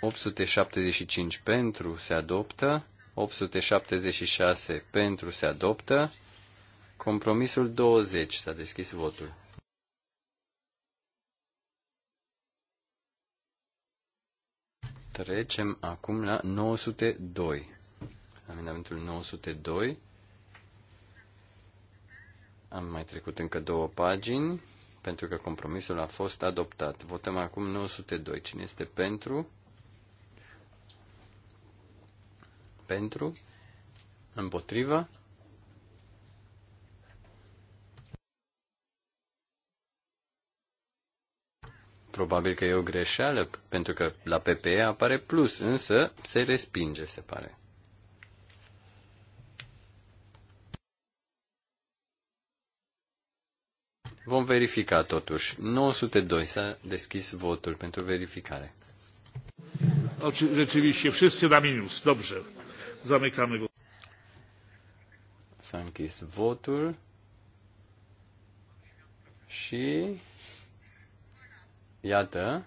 875 pentru. Se adoptă. 876 pentru. Se adoptă. Compromisul 20. S-a deschis votul. Trecem acum la 902. Amendamentul 902. Am mai trecut încă două pagini, pentru că compromisul a fost adoptat. Votăm acum 902. Cine este pentru? Pentru? Împotriva? Probabil că e o greșeală, pentru că la PPE apare plus, însă se respinge, se pare. Vom verifica totuși. 902 s-a deschis votul pentru verificare. Rzeczywiście, wszyscy na minus. Dobrze. Zamykamy go. S-a închis votul și Iată,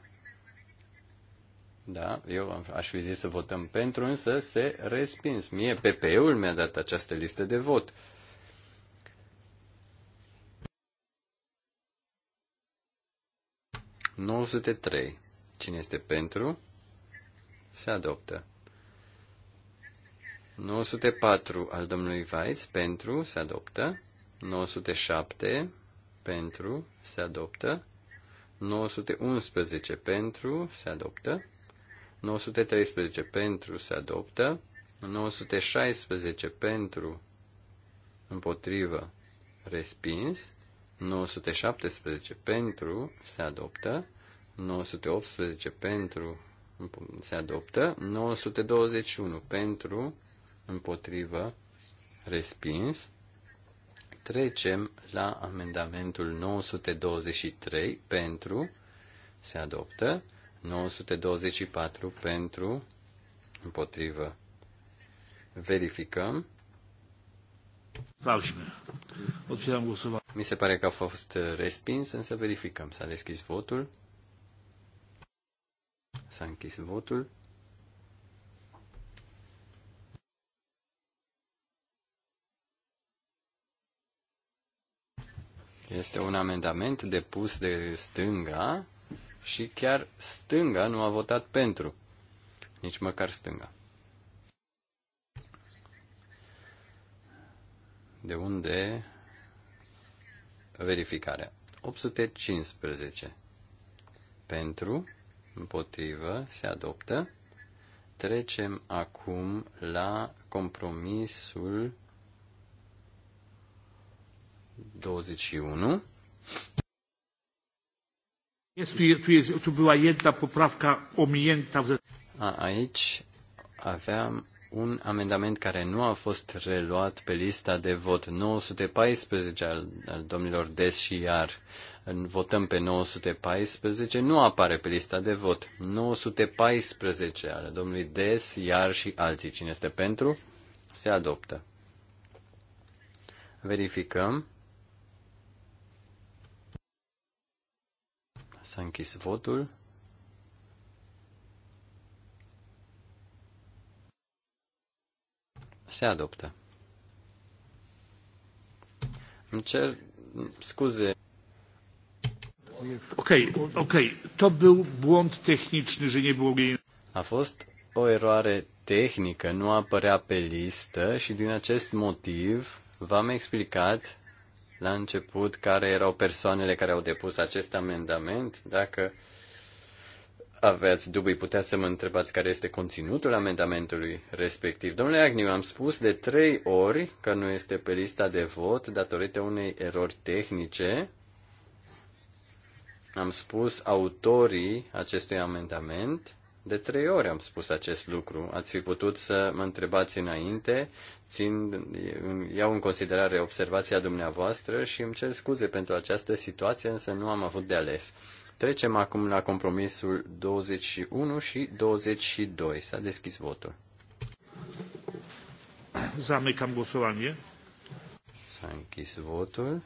da, eu aș fi zis să votăm pentru, însă se respins. Mie pp ul mi-a dat această listă de vot. trei. Cine este pentru? Se adoptă. 904 al domnului Weiss, pentru se adoptă. 907 pentru se adoptă. 911 pentru se adoptă. 913 pentru se adoptă. 916 pentru împotrivă respins. 917 pentru se adoptă. 918 pentru se adoptă. 921 pentru împotrivă respins. Trecem la amendamentul 923 pentru se adoptă, 924 pentru împotrivă. Verificăm. Mi se pare că a fost respins, însă verificăm. S-a deschis votul. S-a închis votul. Este un amendament depus de stânga și chiar stânga nu a votat pentru. Nici măcar stânga. De unde verificarea? 815. Pentru, împotrivă, se adoptă. Trecem acum la compromisul 21. tu, A, aici aveam un amendament care nu a fost reluat pe lista de vot 914 al, al domnilor Des și Iar. Votăm pe 914, nu apare pe lista de vot. 914 al domnului Des, Iar și alții. Cine este pentru? Se adoptă. Verificăm. S-a închis votul. Se adoptă. Îmi cer scuze. Ok, ok. To był błąd techniczny, że nie było... A fost o eroare tehnică, nu apărea pe listă și din acest motiv v-am explicat la început care erau persoanele care au depus acest amendament. Dacă aveți dubii, puteți să mă întrebați care este conținutul amendamentului respectiv. Domnule Agniu, am spus de trei ori că nu este pe lista de vot datorită unei erori tehnice. Am spus autorii acestui amendament de trei ori am spus acest lucru. Ați fi putut să mă întrebați înainte, țin, iau în considerare observația dumneavoastră și îmi cer scuze pentru această situație, însă nu am avut de ales. Trecem acum la compromisul 21 și 22. S-a deschis votul. Zamykam głosowanie. S-a închis votul.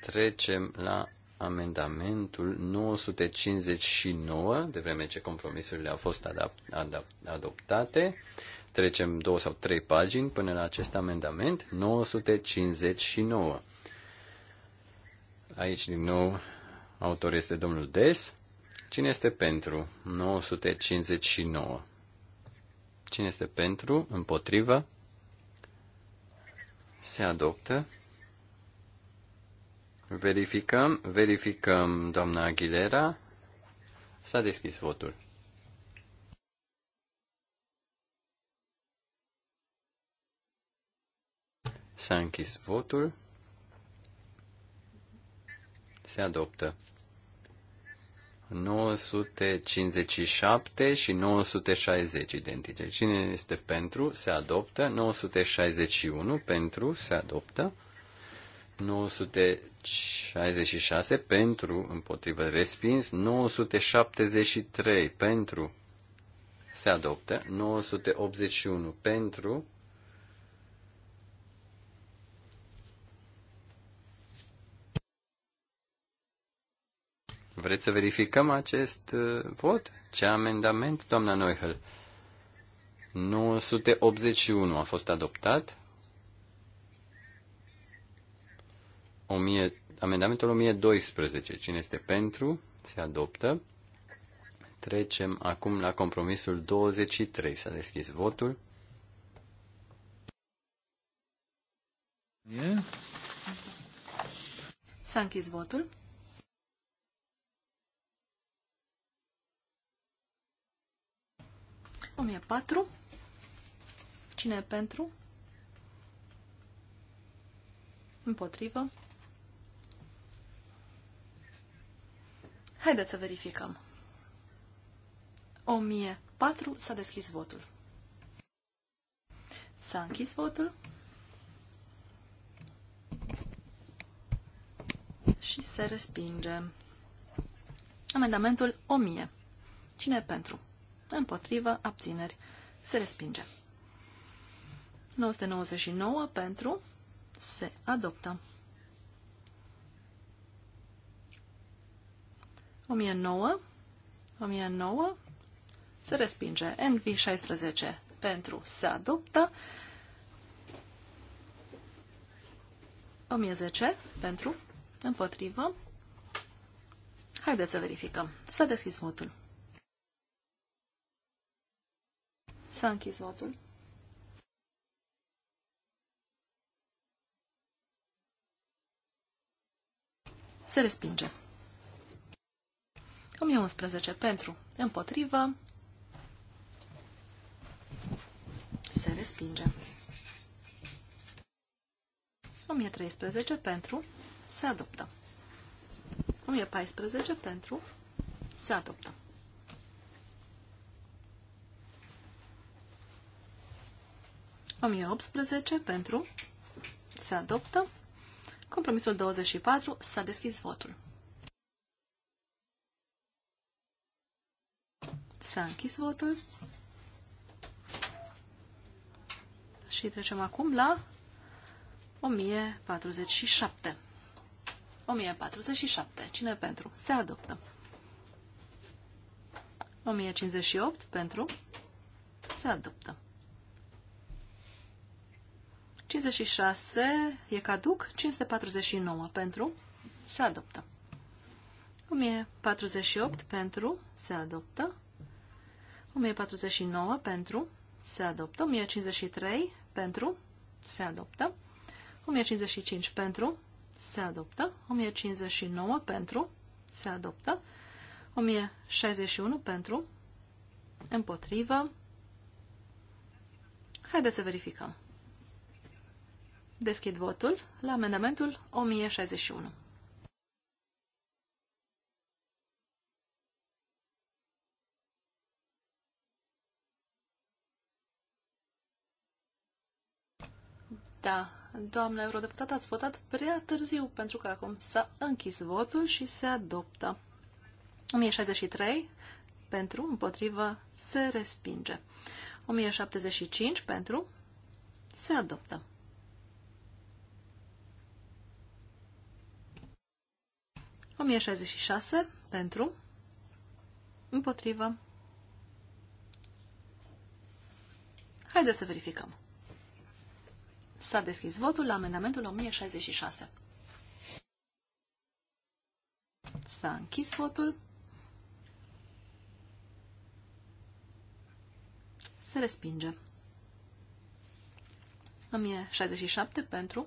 Trecem la amendamentul 959, de vreme ce compromisurile au fost adap- adap- adoptate. Trecem două sau trei pagini până la acest amendament, 959. Aici, din nou, autor este domnul Des. Cine este pentru 959? Cine este pentru, împotrivă, se adoptă. Verificăm, verificăm, doamna Aguilera. S-a deschis votul. S-a închis votul. Se adoptă. 957 și 960 identice. Cine este pentru, se adoptă. 961 pentru, se adoptă. 966 pentru, împotrivă, respins. 973 pentru, se adoptă. 981 pentru, Vreți să verificăm acest uh, vot? Ce amendament, doamna Neuhel? 981 a fost adoptat. 1000, amendamentul 1012. Cine este pentru? Se adoptă. Trecem acum la compromisul 23. S-a deschis votul. Yeah. S-a închis votul. Omie 4. Cine e pentru? Împotrivă. Haideți să verificăm. 1004 s-a deschis votul. S-a închis votul. Și se respinge. Amendamentul 1000. Cine e pentru? Împotrivă, abțineri. Se respinge. 999 pentru. Se adoptă. 1009, 1009 se respinge. NV16 pentru se adoptă. 1010 pentru împotrivă. Haideți să verificăm. S-a deschis votul. S-a închis votul. Se respinge. 2011 pentru, împotrivă, se respinge. 1013 pentru, se adoptă. 1014 pentru, se adoptă. O 1018 pentru, se adoptă. Compromisul 24, s-a deschis votul. S-a închis votul. Și trecem acum la 1047. 1047. Cine pentru? Se adoptă. 1058 pentru. Se adoptă. 56 e caduc. 549 pentru. Se adoptă. 1048 pentru. Se adoptă. 1049 pentru, se adoptă. 1053 pentru, se adoptă. 1055 pentru, se adoptă. 1059 pentru, se adoptă. 1061 pentru, împotrivă. Haideți să verificăm. Deschid votul la amendamentul 1061. Da, doamna eurodeputată ați votat prea târziu, pentru că acum s-a închis votul și se adoptă. 1063 pentru, împotrivă, se respinge. 1075 pentru, se adoptă. O 1066 pentru, împotrivă. Haideți să verificăm. S-a deschis votul la amendamentul 1066. S-a închis votul. Se respinge. 1067 pentru.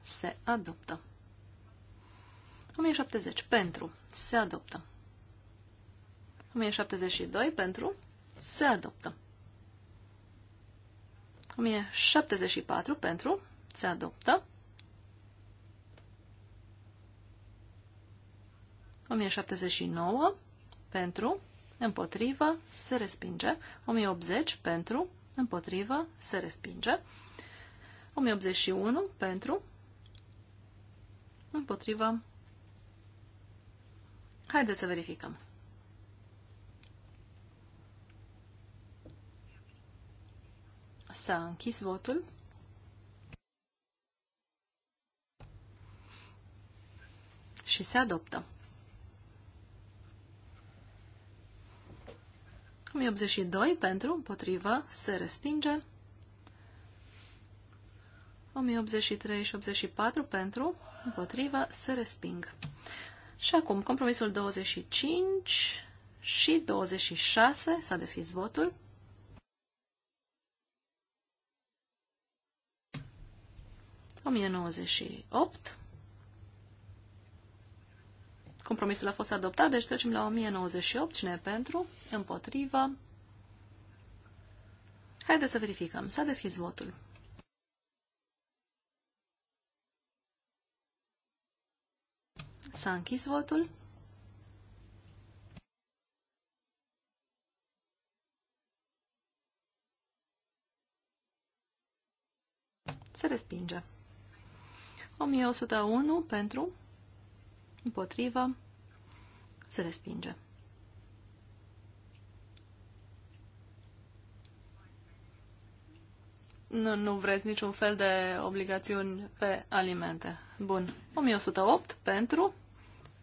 Se adoptă. 1070 pentru. Se adoptă. 1072 pentru. Se adoptă. 1074 pentru, se adoptă. 1079 pentru, împotrivă, se respinge. 1080 pentru, împotrivă, se respinge. 1081 pentru, împotrivă. Haideți să verificăm. S-a închis votul. Și se adoptă. 1082 pentru, împotrivă, se respinge. 1083 și 84 pentru, împotrivă, se resping. Și acum, compromisul 25 și 26, s-a deschis votul. 1098. Compromisul a fost adoptat, deci trecem la 1098. Cine e pentru? Împotrivă. Haideți să verificăm. S-a deschis votul. S-a închis votul. Se respinge. 1101 pentru, împotrivă, se respinge. Nu, nu vreți niciun fel de obligațiuni pe alimente. Bun. 1108 pentru,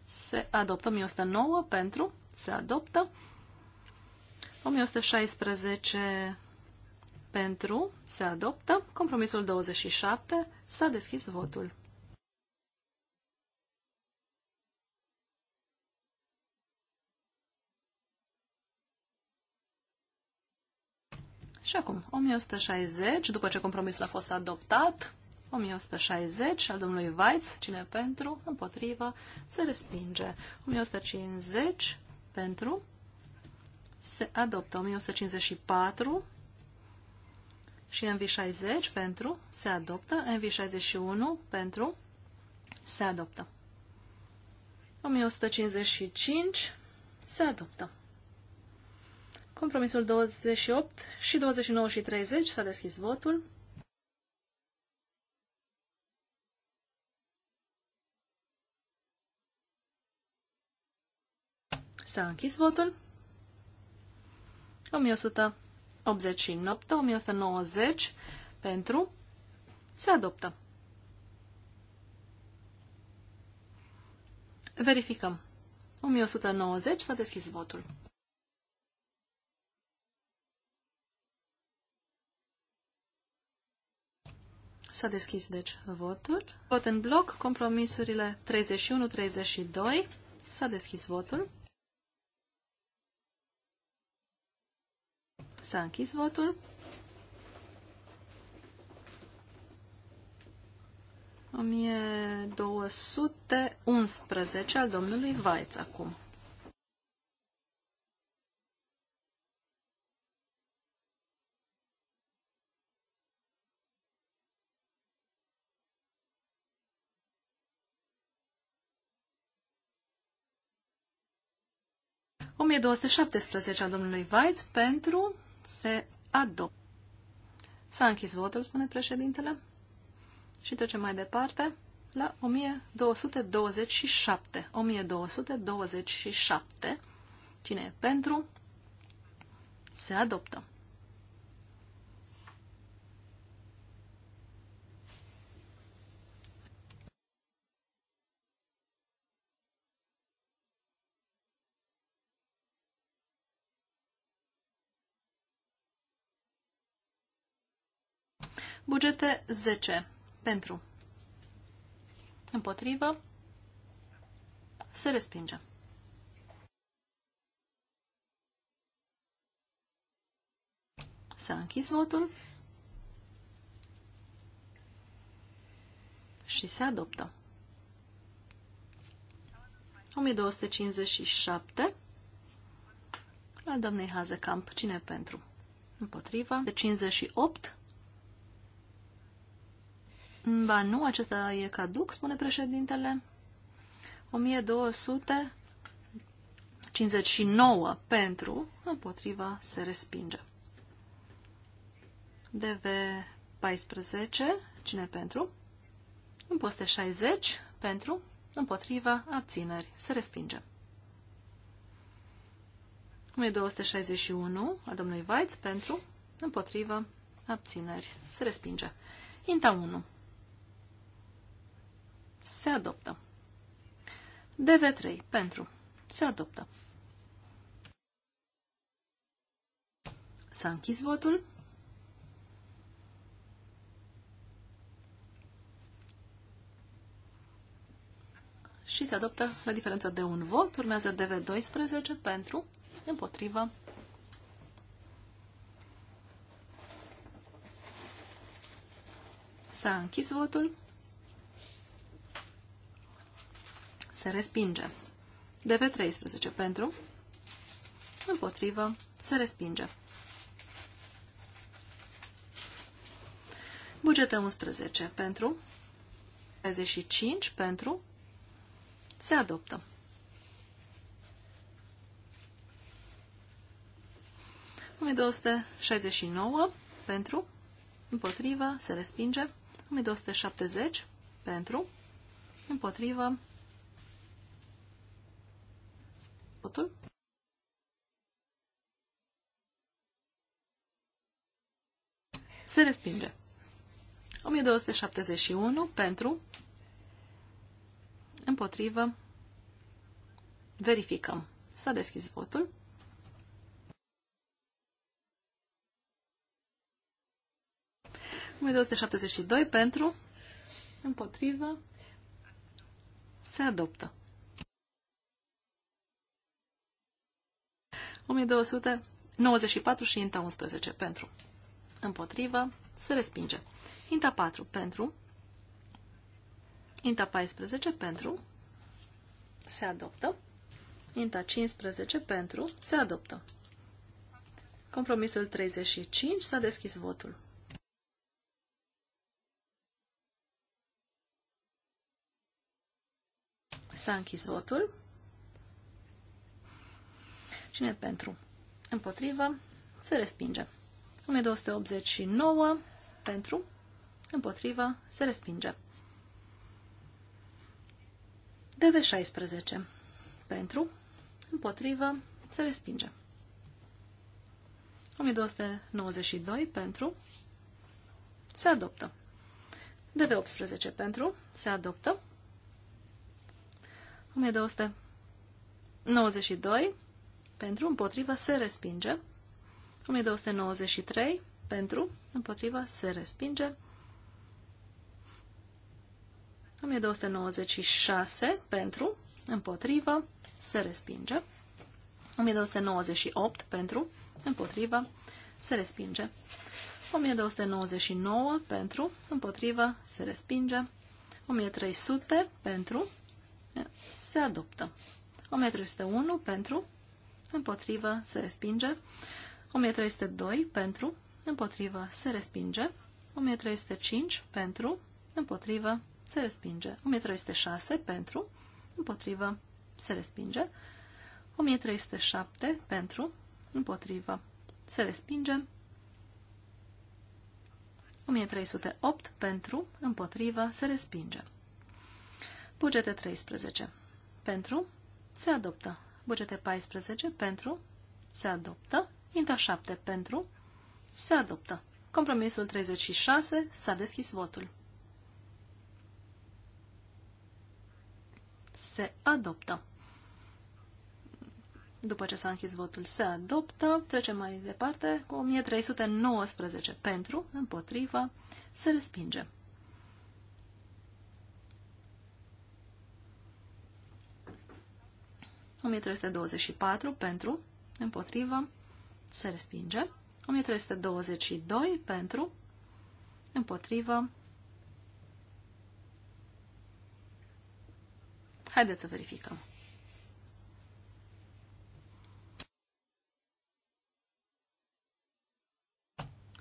se adoptă. 1109 pentru, se adoptă. 1116 pentru, se adoptă. Compromisul 27, s-a deschis votul. Și acum, 1160, după ce compromisul a fost adoptat, 1160 al domnului Weitz, cine pentru, împotrivă, se respinge. 1150 pentru, se adoptă. 1154 și MV60 pentru, se adoptă. MV61 pentru, se adoptă. 1155 se adoptă. Compromisul 28 și 29 și 30 s-a deschis votul. S-a închis votul. 1189, 1190 pentru se adoptă. Verificăm. 1190 s-a deschis votul. S-a deschis, deci, votul. Vot în bloc, compromisurile 31-32. S-a deschis votul. S-a închis votul. Mie 211 al domnului Vaiț acum. 1217 al domnului Weitz pentru se adopt. S-a închis votul, spune președintele. Și trecem mai departe la 1227. 1227. Cine e pentru? Se adoptă. Bugete 10. Pentru. Împotrivă. Se respinge. S-a închis votul și se adoptă. 1257 al doamnei Hazekamp. Cine pentru? Împotriva. De 58 Ba nu, acesta e caduc, spune președintele. 1259 pentru, împotriva, se respinge. DV 14, cine pentru? Imposte 60, pentru, împotriva, abțineri, se respinge. 1261 a domnului Vaiț pentru, împotriva, abțineri, se respinge. Inta 1, se adoptă. DV3. Pentru. Se adoptă. S-a închis votul. Și se adoptă la diferență de un vot. Urmează DV12 pentru, împotrivă. S-a închis votul. se respinge. DV13 pentru, împotrivă, se respinge. Bugete 11 pentru, 65 pentru, se adoptă. Numai 269 pentru, împotrivă, se respinge. 1270 pentru, împotrivă, votul. Se respinge. 1271 pentru, împotrivă, verificăm. S-a deschis votul. Numai 272 pentru, împotrivă, se adoptă. 1294 și INTA 11 pentru. Împotrivă, se respinge. INTA 4 pentru. INTA 14 pentru. Se adoptă. INTA 15 pentru. Se adoptă. Compromisul 35 s-a deschis votul. S-a închis votul. Cine pentru? Împotrivă. Se respinge. 1289 pentru. Împotrivă. Se respinge. DV16 pentru. Împotrivă. Se respinge. 1292 pentru. Se adoptă. DV18 pentru. Se adoptă. 1292 pentru, împotriva, se respinge. 1293 pentru, împotriva, se respinge. 1296 pentru, împotriva, se respinge. 1298 pentru, împotriva, se respinge. 1299 pentru, împotriva, se respinge. 1300 pentru, se adoptă. 1301 pentru, împotrivă, se respinge. 1302 pentru, împotrivă, se respinge. 1305 pentru, împotrivă, se respinge. 1306 pentru, împotrivă, se respinge. 1307 pentru, împotrivă, se respinge. 1308 pentru, împotrivă, se respinge. Bugete 13. Pentru, se adoptă. Bugete 14 pentru. Se adoptă. Inta 7 pentru. Se adoptă. Compromisul 36. S-a deschis votul. Se adoptă. După ce s-a închis votul, se adoptă. Trecem mai departe cu 1319 pentru, împotriva, se respinge. 1324 pentru, împotrivă, se respinge. 1322 pentru, împotrivă. Haideți să verificăm.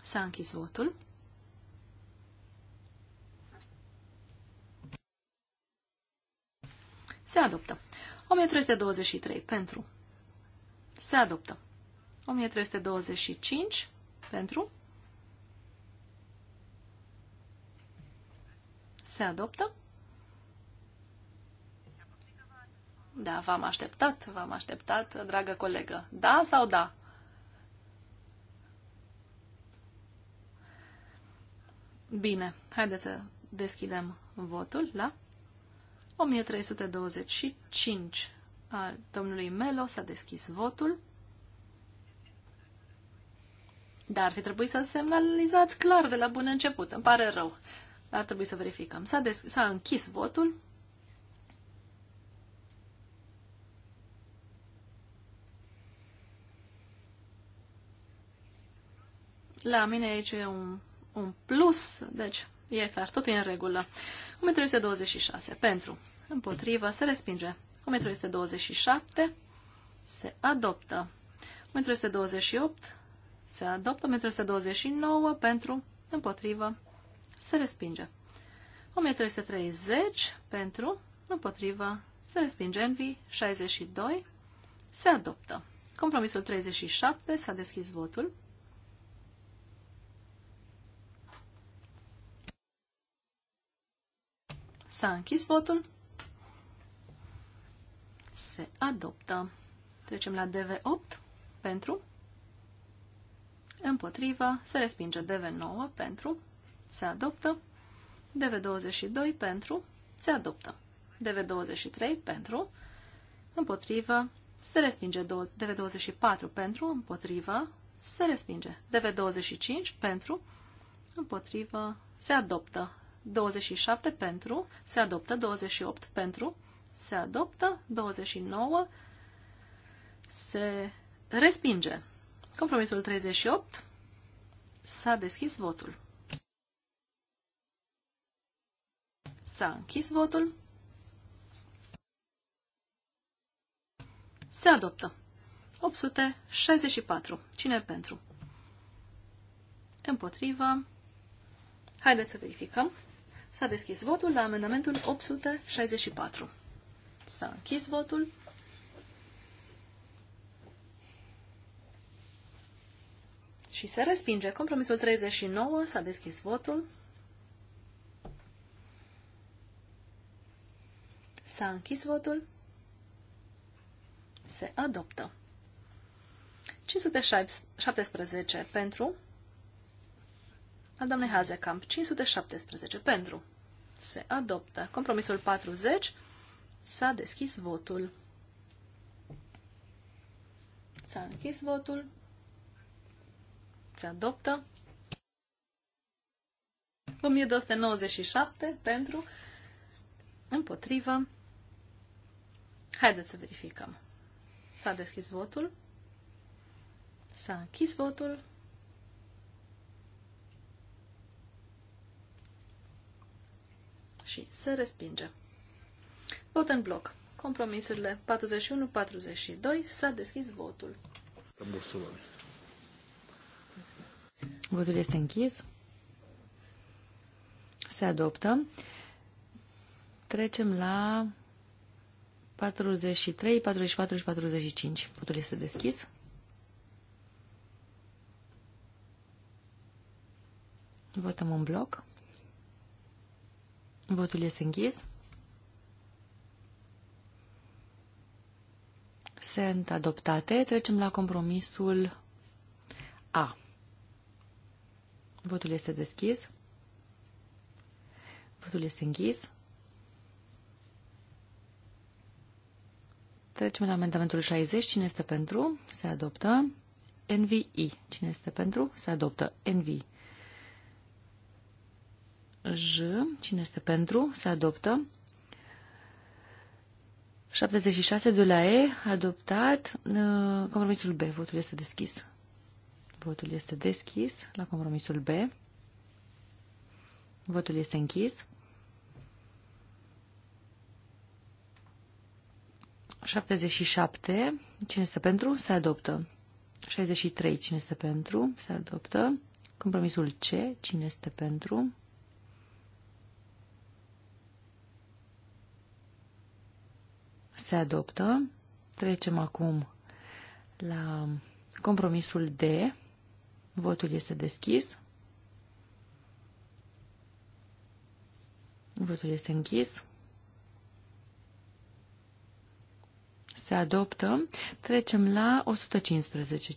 S-a închis votul. Se adoptă. 1323 pentru. Se adoptă. 1325 pentru. Se adoptă. Da, v-am așteptat, v-am așteptat, dragă colegă. Da sau da? Bine, haideți să deschidem votul la 1325 al domnului Melo s-a deschis votul. Dar ar fi trebuit să semnalizați clar de la bun început. Îmi pare rău. Ar trebui să verificăm. S-a, des- s-a închis votul. La mine aici e un, un plus, deci E clar, totul e în regulă. 1326 pentru, împotrivă, se respinge. 1327 se adoptă. 1328 se adoptă. 1329 pentru, împotrivă, se respinge. 1330 pentru, împotrivă, se respinge. Envi, 62 se adoptă. Compromisul 37 s-a deschis votul. S-a închis votul. Se adoptă. Trecem la DV8 pentru. Împotrivă. Se respinge DV9 pentru. Se adoptă. DV22 pentru. Se adoptă. DV23 pentru. Împotrivă. Se respinge DV24 pentru. Împotrivă. Se respinge. DV25 pentru. Împotrivă. Se adoptă. 27 pentru, se adoptă 28 pentru, se adoptă 29, se respinge. Compromisul 38 s-a deschis votul. S-a închis votul. Se adoptă. 864. Cine pentru? Împotrivă. Haideți să verificăm. S-a deschis votul la amendamentul 864. S-a închis votul. Și se respinge. Compromisul 39 s-a deschis votul. S-a închis votul. Se adoptă. 517 pentru, al doamnei Hazekamp. 517 pentru. Se adoptă. Compromisul 40. S-a deschis votul. S-a închis votul. Se adoptă. 1297 pentru. Împotrivă. Haideți să verificăm. S-a deschis votul. S-a închis votul. și se respinge. Vot în bloc. Compromisurile 41-42 s-a deschis votul. Votul este închis. Se adoptă. Trecem la 43, 44 și 45. Votul este deschis. Votăm un bloc. Votul este închis. Sunt adoptate. Trecem la compromisul A. Votul este deschis. Votul este închis. Trecem la amendamentul 60. Cine este pentru? Se adoptă. NVI. Cine este pentru? Se adoptă. NVI. J. Cine este pentru? Se adoptă. 76 de la E, adoptat. Uh, compromisul B, votul este deschis. Votul este deschis la compromisul B. Votul este închis. 77, cine este pentru, se adoptă. 63, cine este pentru, se adoptă. Compromisul C, cine este pentru, se adoptă. Trecem acum la compromisul D. Votul este deschis. Votul este închis. Se adoptă. Trecem la 115.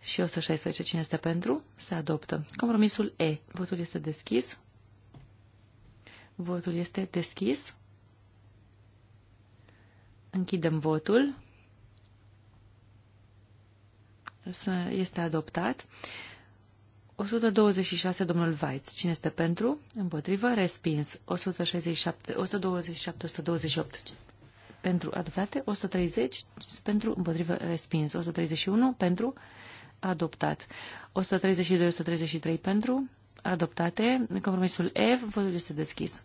Și 116. Cine este pentru? Se adoptă. Compromisul E. Votul este deschis. Votul este deschis. Închidem votul. Este adoptat. 126, domnul Weitz. Cine este pentru? Împotrivă. Respins. 167, 127, 128 pentru adoptate. 130 pentru împotrivă. Respins. 131 pentru adoptat. 132, 133 pentru adoptate. Compromisul F. Votul este deschis.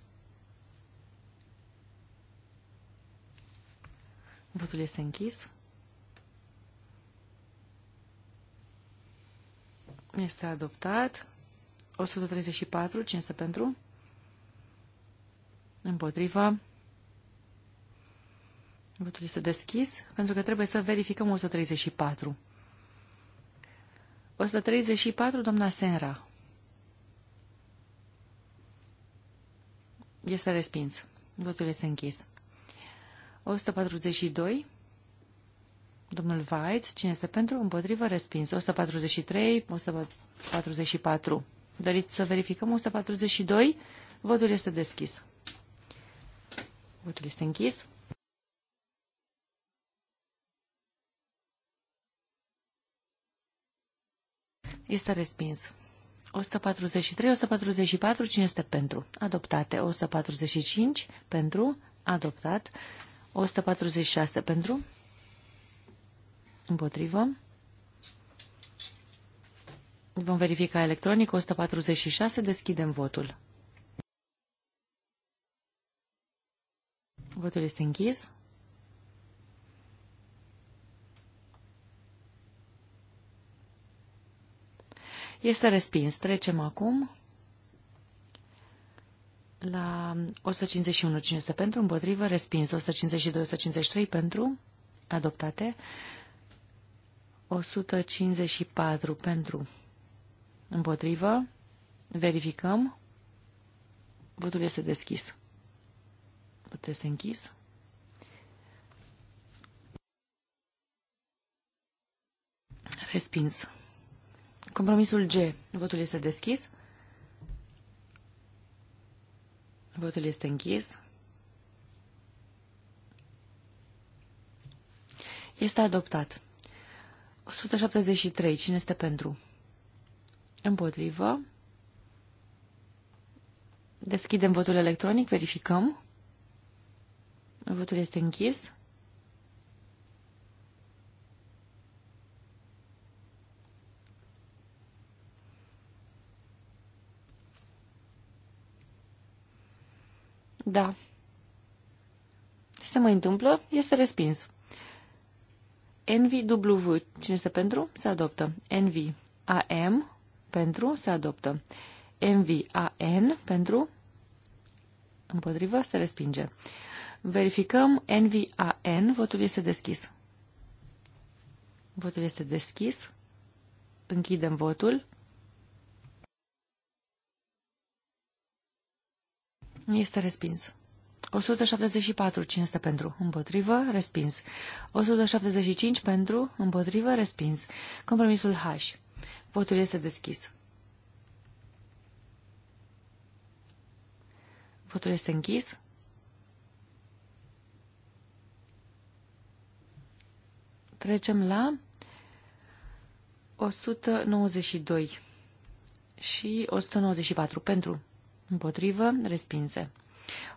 Votul este închis. Este adoptat. 134, cine este pentru? Împotriva. Votul este deschis, pentru că trebuie să verificăm 134. 134, doamna Senra. Este respins. Votul este închis. 142. Domnul Weitz, cine este pentru, împotrivă, respins. 143, 144. Doriți să verificăm 142? Votul este deschis. Votul este închis. Este respins. 143, 144, cine este pentru? Adoptate. 145, pentru, adoptat. 146 pentru, împotrivă. Vom verifica electronic 146, deschidem votul. Votul este închis. Este respins. Trecem acum la 151, cine este pentru, împotrivă, respins. 152, 153 pentru, adoptate. 154 pentru, împotrivă. Verificăm. Votul este deschis. Votul este închis. Respins. Compromisul G. Votul este deschis. Votul este închis. Este adoptat. 173. Cine este pentru? Împotrivă. Deschidem votul electronic, verificăm. Votul este închis. Da. Ce se mai întâmplă? Este respins. NVW. Cine este pentru? Se adoptă. NV. AM. Pentru. Se adoptă. NV. AN. Pentru. Împotrivă. Se respinge. Verificăm NV. AN. Votul este deschis. Votul este deschis. Închidem votul. Este respins. 174. Cine este pentru? Împotrivă? Respins. 175. Pentru? Împotrivă? Respins. Compromisul H. Votul este deschis. Votul este închis. Trecem la 192 și 194. Pentru? împotrivă, respinse.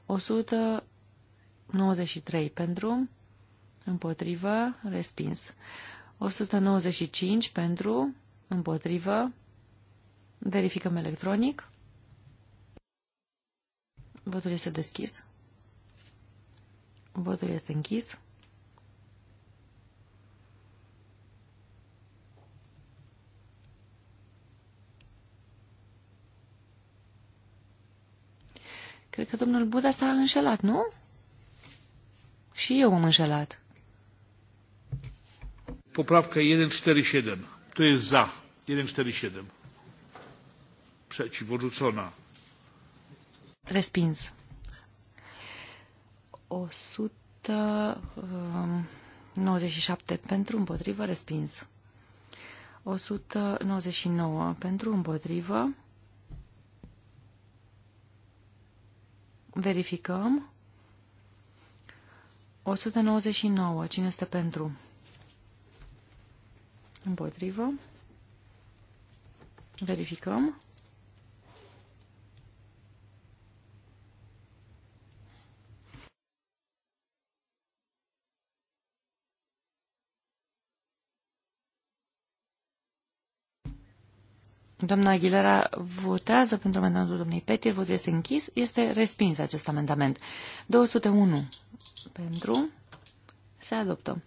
193 pentru, împotrivă, respins. 195 pentru, împotrivă, verificăm electronic. Votul este deschis. Votul este închis. Cred că domnul Buda s-a înșelat, nu? Și eu am înșelat. Poprawka 147. To jest za. 147. Przeciw. Odrzucona. Respins. 197 um, pentru împotrivă, respins. 199 pentru împotrivă, Verificăm. 199. Cine este pentru? Împotrivă. Verificăm. Doamna Aguilera votează pentru amendamentul domnului Petir, votul este închis, este respins acest amendament. 201 pentru, se adoptă.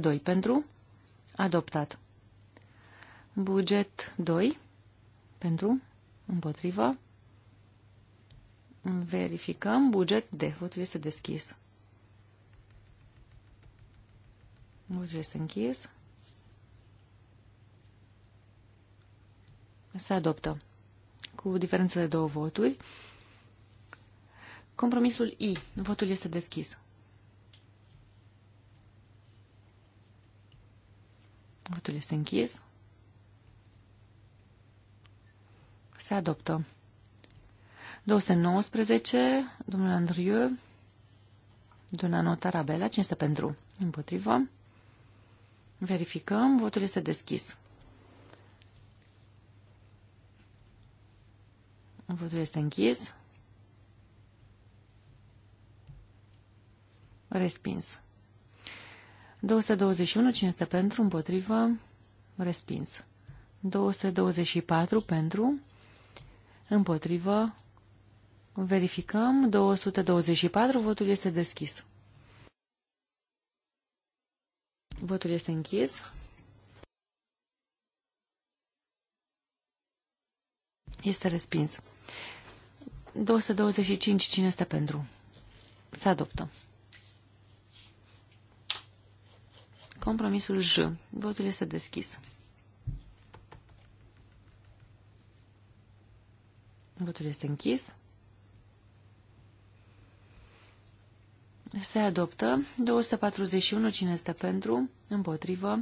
doi pentru, adoptat. Buget 2 pentru, împotrivă. Verificăm buget de votul este deschis. Votul este închis. Se adoptă cu diferență de două voturi. Compromisul I. Votul este deschis. Votul este închis. Se adoptă. 219, domnul Andriu, domnul doamna Cine este pentru, împotrivă, Verificăm. Votul este deschis. Votul este închis. Respins. 221, cine este pentru, împotrivă, respins. 224 pentru, împotrivă, verificăm. 224, votul este deschis. Votul este închis. Este respins. 225. Cine este pentru? Se adoptă. Compromisul J. Votul este deschis. Votul este închis. se adoptă. 241, cine este pentru? Împotrivă.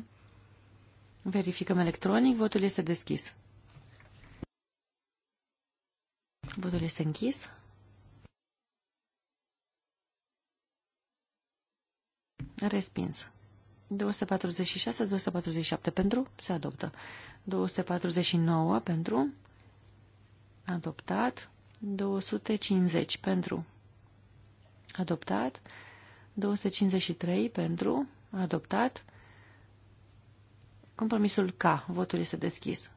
Verificăm electronic. Votul este deschis. Votul este închis. Respins. 246, 247 pentru, se adoptă. 249 pentru, adoptat. 250 pentru, adoptat, 253 pentru, adoptat, compromisul K, votul este deschis.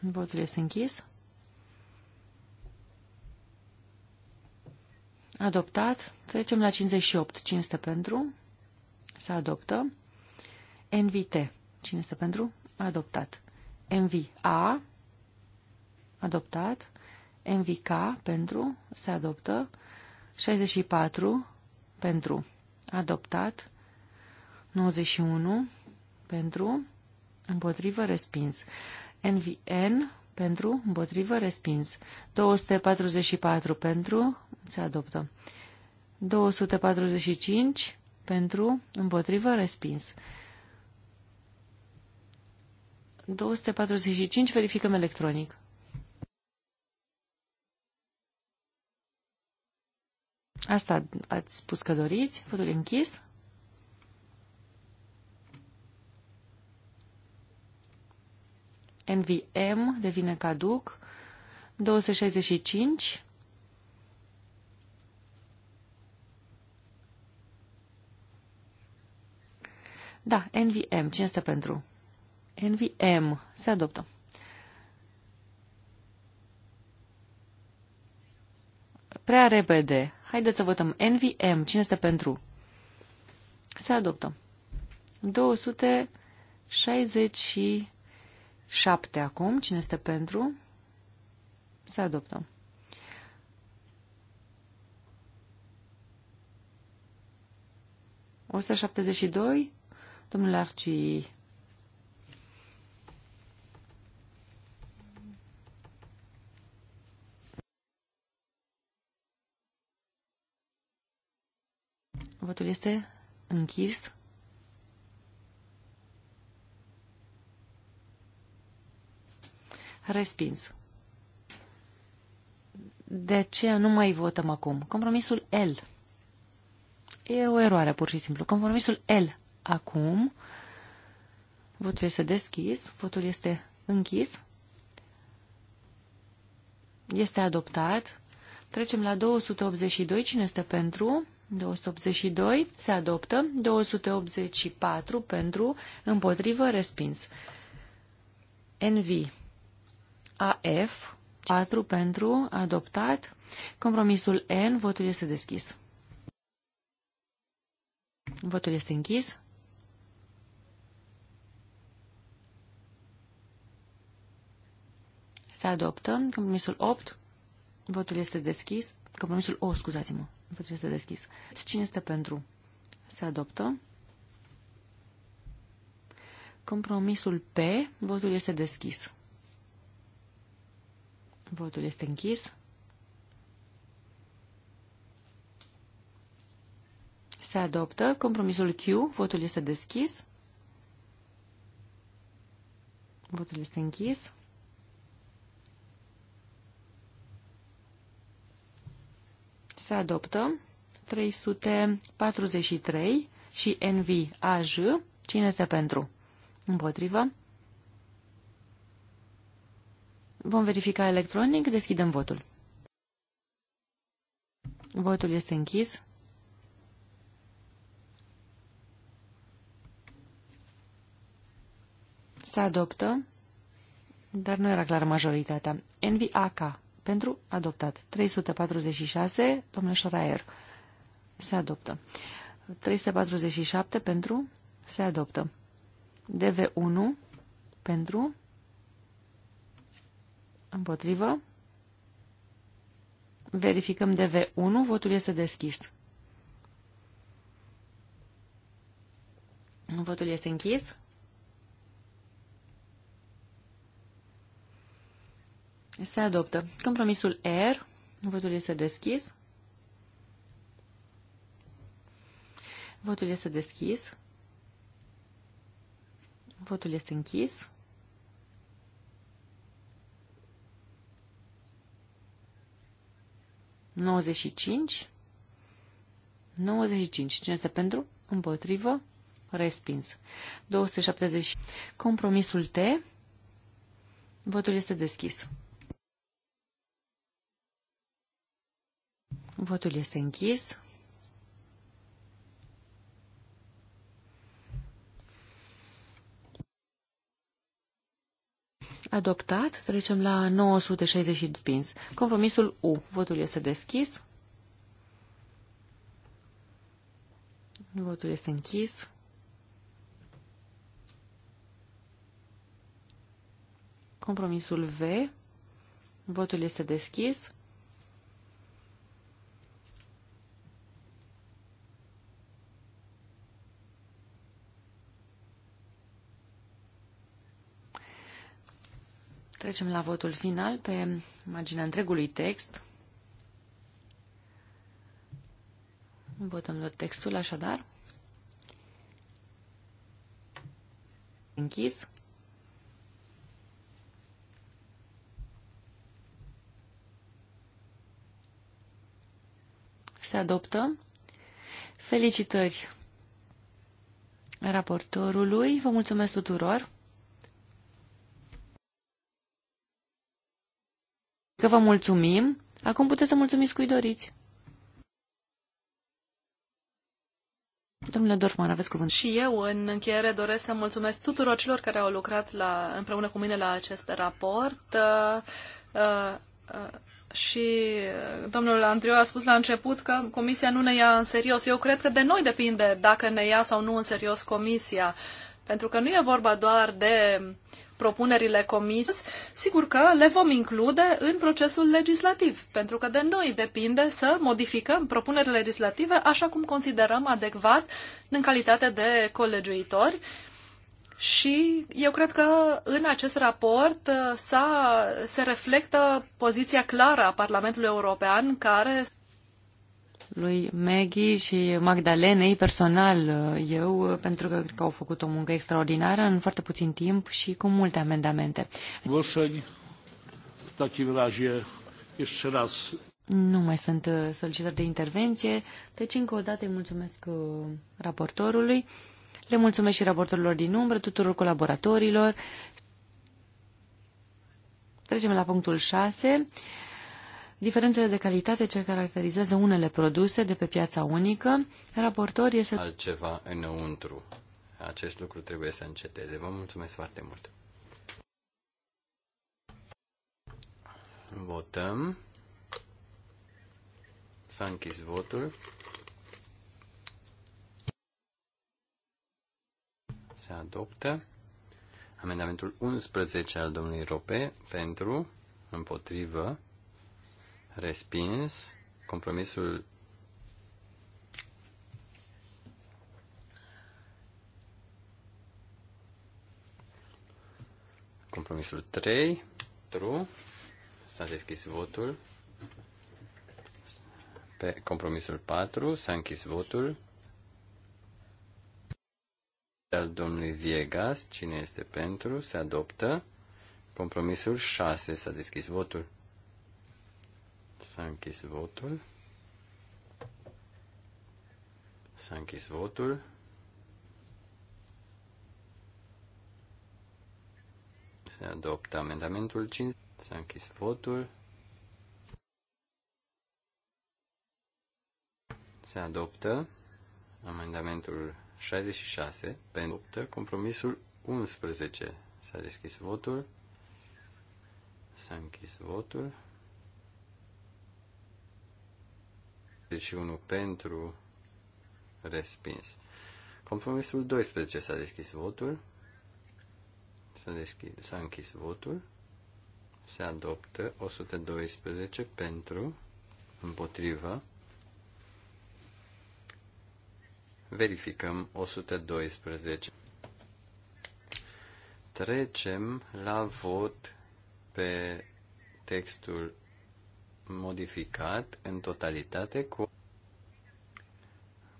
Votul este închis. Adoptat. Trecem la 58. Cine este pentru? Se adoptă. NVT. Cine este pentru? Adoptat. NVA. Adoptat. MVK pentru, se adoptă. 64 pentru, adoptat. 91 pentru, împotrivă, respins. NVN pentru, împotrivă, respins. 244 pentru, se adoptă. 245 pentru, împotrivă, respins. 245, verificăm electronic. Asta ați spus că doriți, votul închis. NVM devine caduc. 265. Da, NVM. Cine este pentru? NVM. Se adoptă. prea repede. Haideți să votăm. NVM, cine este pentru? Se adoptă. 267 acum, cine este pentru? Se adoptă. O 172, domnule Arci Votul este închis. Respins. De aceea nu mai votăm acum. Compromisul L. E o eroare, pur și simplu. Compromisul L. Acum. Votul este deschis. Votul este închis. Este adoptat. Trecem la 282. Cine este pentru? 282 se adoptă, 284 pentru, împotrivă, respins. NV AF 4 pentru, adoptat. Compromisul N, votul este deschis. Votul este închis. Se adoptă. Compromisul 8. Votul este deschis. Compromisul O, scuzați-mă. Votul este deschis. Cine este pentru? Se adoptă. Compromisul P. Votul este deschis. Votul este închis. Se adoptă. Compromisul Q. Votul este deschis. Votul este închis. se adoptă. 343 și NVAJ. Cine este pentru? Împotrivă. Vom verifica electronic. Deschidem votul. Votul este închis. Se adoptă, dar nu era clar majoritatea. NVAK pentru adoptat. 346, domnul Șoraier, se adoptă. 347 pentru se adoptă. DV1 pentru împotrivă. Verificăm DV1, votul este deschis. Votul este închis. Se adoptă. Compromisul R. Votul este deschis. Votul este deschis. Votul este închis. Nouăzeci și cinci. 95. Cine este pentru? Împotrivă. Respins. 270. Compromisul T. Votul este deschis. Votul este închis. Adoptat. Trecem la 960 spins. Compromisul U. Votul este deschis. Votul este închis. Compromisul V. Votul este deschis. Trecem la votul final pe marginea întregului text. Votăm tot textul, așadar. Închis. Se adoptă. Felicitări raportorului. Vă mulțumesc tuturor. că vă mulțumim. Acum puteți să mulțumiți cui doriți. Domnule Dorfman, aveți cuvânt. Și eu, în încheiere, doresc să mulțumesc tuturor celor care au lucrat la, împreună cu mine la acest raport. Uh, uh, uh, și domnul Andreu a spus la început că comisia nu ne ia în serios. Eu cred că de noi depinde dacă ne ia sau nu în serios comisia. Pentru că nu e vorba doar de propunerile comise, sigur că le vom include în procesul legislativ, pentru că de noi depinde să modificăm propunerile legislative așa cum considerăm adecvat în calitate de colegiuitori. Și eu cred că în acest raport uh, s se reflectă poziția clară a Parlamentului European, care lui Maggie și Magdalenei personal uh, eu, uh, pentru că cred că au făcut o muncă extraordinară în foarte puțin timp și cu multe amendamente. Nu mai sunt uh, solicitări de intervenție, deci încă o dată îi mulțumesc raportorului, le mulțumesc și raportorilor din umbră, tuturor colaboratorilor. Trecem la punctul 6 diferențele de calitate ce caracterizează unele produse de pe piața unică, raportor este... Altceva înăuntru. Acest lucru trebuie să înceteze. Vă mulțumesc foarte mult. Votăm. S-a închis votul. Se adoptă. Amendamentul 11 al domnului Rope pentru, împotrivă, Respins. Compromisul Compromisul 3. True. S-a deschis votul. Pe compromisul 4 s-a închis votul. Al domnului Viegas, cine este pentru, se adoptă. Compromisul 6 s-a deschis votul. S-a închis votul. S-a închis votul. Se adoptă amendamentul 5. S-a închis votul. Se adoptă amendamentul 66 pentru compromisul 11. S-a deschis votul. S-a închis votul. 71 pentru, respins. Compromisul 12 s-a deschis votul. S-a, deschis, s-a închis votul. Se adoptă 112 pentru, împotrivă. Verificăm 112. Trecem la vot pe textul modificat în totalitate cu,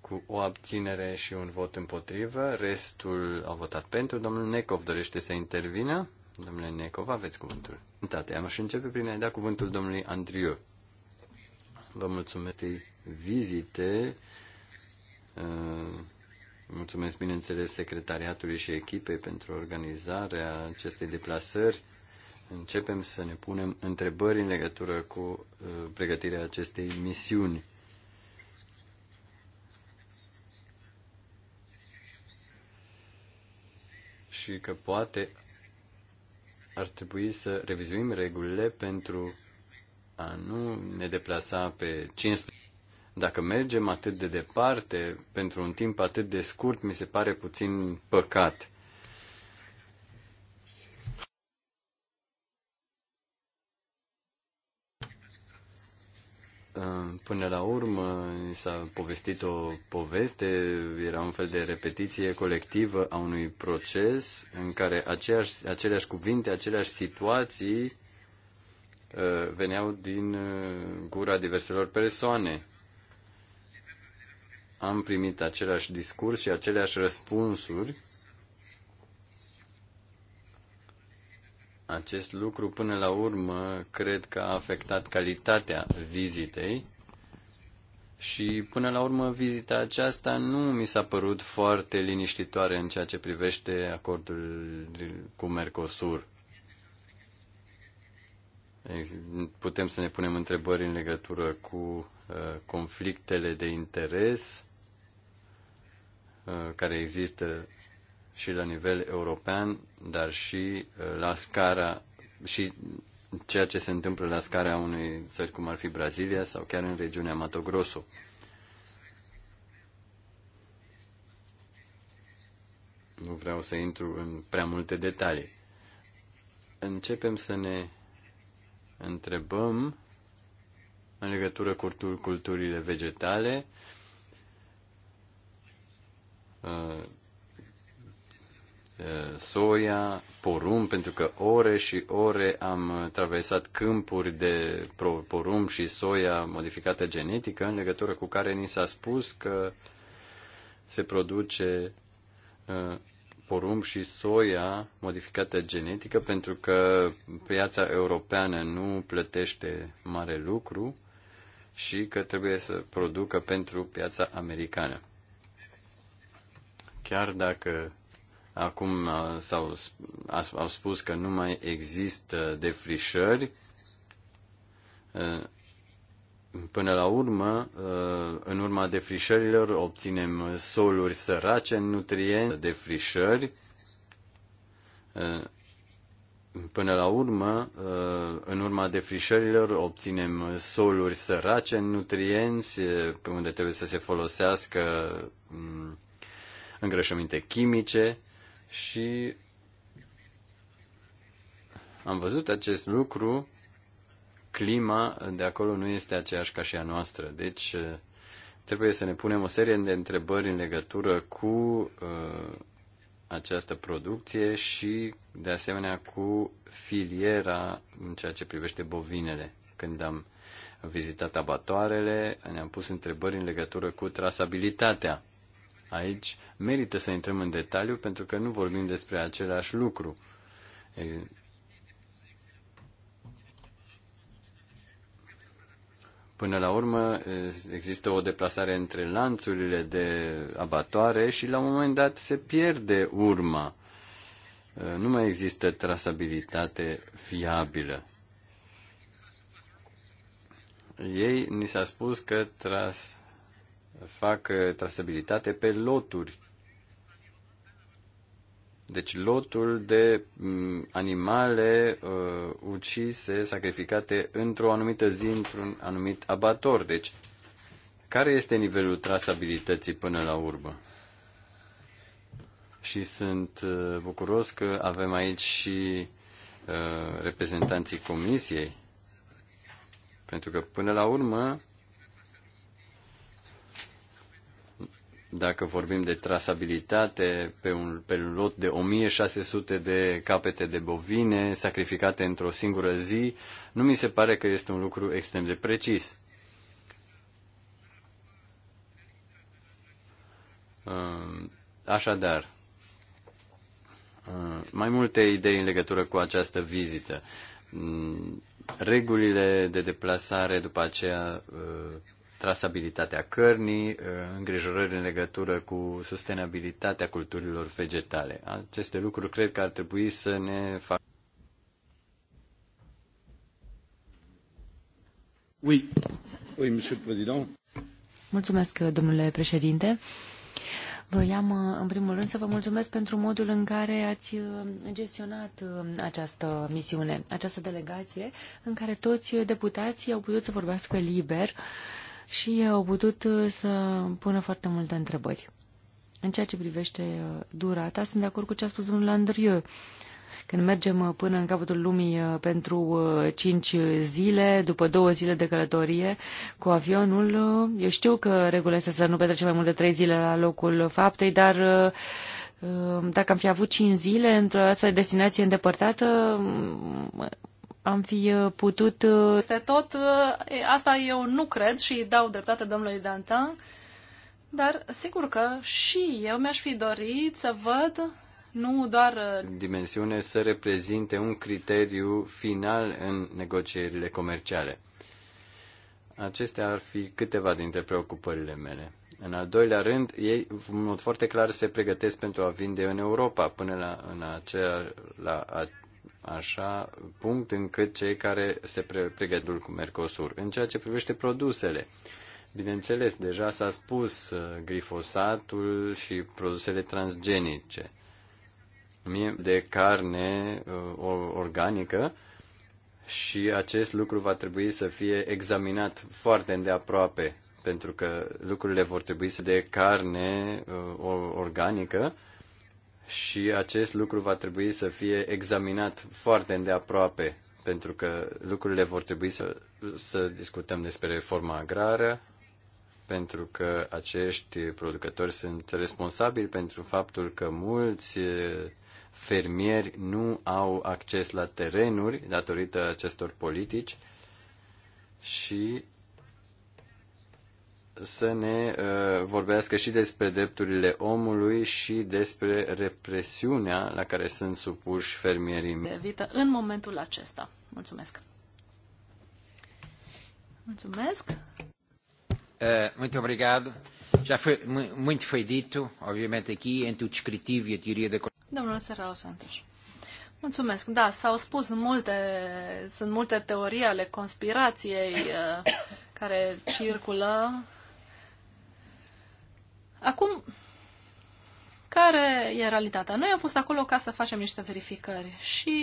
cu o abținere și un vot împotrivă. Restul a votat pentru. Domnul Necov dorește să intervină. Domnule Necov, aveți cuvântul. Tate, am și începe prin a-i da cuvântul domnului Andriu. Vă mulțumesc vizite. Uh, mulțumesc, bineînțeles, secretariatului și echipei pentru organizarea acestei deplasări începem să ne punem întrebări în legătură cu uh, pregătirea acestei misiuni. Și că poate ar trebui să revizuim regulile pentru a nu ne deplasa pe 15. Dacă mergem atât de departe, pentru un timp atât de scurt, mi se pare puțin păcat. Ehm, până la urmă s-a povestit o poveste, era un fel de repetiție colectivă a unui proces în care aceeași, aceleași cuvinte, aceleași situații ehm, veneau din ehm, gura diverselor persoane. Am primit același discurs și aceleași răspunsuri Acest lucru, până la urmă, cred că a afectat calitatea vizitei și, până la urmă, vizita aceasta nu mi s-a părut foarte liniștitoare în ceea ce privește acordul cu Mercosur. Putem să ne punem întrebări în legătură cu uh, conflictele de interes uh, care există și la nivel european, dar și uh, la scara și ceea ce se întâmplă la scara unei țări cum ar fi Brazilia sau chiar în regiunea Mato Grosso. Nu vreau să intru în prea multe detalii. Începem să ne întrebăm în legătură cu culturile vegetale, uh, Eh, soia, porumb, pentru că ore și ore am traversat câmpuri de porumb și soia modificată genetică, în legătură cu care ni s-a spus că se produce eh, porumb și soia modificată genetică, pentru că piața europeană nu plătește mare lucru și că trebuie să producă pentru piața americană. Chiar dacă Acum uh, s-au, au spus că nu mai există defrișări. Uh, până la urmă, uh, în urma defrișărilor, obținem soluri sărace în nutrienți, defrișări. Până la urmă, în urma defrișărilor, obținem soluri sărace în nutrienți, unde trebuie să se folosească mm, îngrășăminte chimice și am văzut acest lucru, clima de acolo nu este aceeași ca și a noastră. Deci uh, trebuie să ne punem o serie de întrebări în legătură cu uh, această producție și de asemenea cu filiera în ceea ce privește bovinele. Când am vizitat abatoarele, ne-am pus întrebări în legătură cu trasabilitatea Aici merită să intrăm în detaliu pentru că nu vorbim despre același lucru. Până la urmă, există o deplasare între lanțurile de abatoare și la un moment dat se pierde urma. Nu mai există trasabilitate fiabilă. Ei ni s-a spus că tras, fac uh, trasabilitate pe loturi. Deci lotul de mm, animale uh, ucise, sacrificate într-o anumită zi, într-un anumit abator. Deci, care este nivelul trasabilității până la urmă? Și sunt uh, bucuros că avem aici și uh, reprezentanții comisiei, pentru că până la urmă Dacă vorbim de trasabilitate pe un, pe un lot de 1600 de capete de bovine sacrificate într-o singură zi, nu mi se pare că este un lucru extrem de precis. Așadar, mai multe idei în legătură cu această vizită. Regulile de deplasare după aceea uh, trasabilitatea cărnii, uh, îngrijorări în legătură cu sustenabilitatea culturilor vegetale. Aceste lucruri cred că ar trebui să ne facă. Oui. Oui, monsieur le président. Mulțumesc, domnule președinte. Vroiam, uh, în primul rând, să vă mulțumesc pentru modul în care ați uh, gestionat această misiune, această delegație, în care toți deputații au putut să vorbească liber uh, și au putut uh, să pună foarte multe întrebări. În ceea ce privește uh, durata, sunt de acord cu ce a spus domnul Andrieu. Când mergem uh, până în capătul lumii pentru 5 zile, după două zile de călătorie cu avionul, eu știu că regulă este să nu petrecem mai mult de 3 zile la locul faptei, dar dacă am fi avut 5 zile într-o astfel de destinație îndepărtată, am fi uh, putut... Uh, este tot, uh, asta eu nu cred și dau dreptate domnului Dantan, dar sigur că și eu mi-aș fi dorit să văd nu doar... Dimensiune să reprezinte un criteriu final în negocierile comerciale. Acestea ar fi câteva dintre preocupările mele. În al doilea rând, ei, în mod foarte clar, se pregătesc pentru a vinde în Europa până la, în acea, la așa punct încât cei care se pregătul cu Mercosur. În ceea ce privește produsele, bineînțeles, deja s-a spus uh, glifosatul și produsele transgenice. Mie de carne uh, organică și acest lucru va trebui să fie examinat foarte îndeaproape pentru că lucrurile vor trebui să de carne uh, organică și acest lucru va trebui să fie examinat foarte îndeaproape, pentru că lucrurile vor trebui să, să discutăm despre reforma agrară, pentru că acești producători sunt responsabili pentru faptul că mulți fermieri nu au acces la terenuri datorită acestor politici și să ne uh, vorbească și despre drepturile omului și despre represiunea la care sunt supuși fermierii. De vită în momentul acesta. Mulțumesc. Mulțumesc. Uh, muito obrigado. Já foi, muito foi dito, obviamente, aqui, entre o descritivo e a teoria da... Domnul Serrao Santos. Mulțumesc. Da, s-au spus multe, sunt multe teorii ale conspirației uh, care circulă Acum, care e realitatea? Noi am fost acolo ca să facem niște verificări și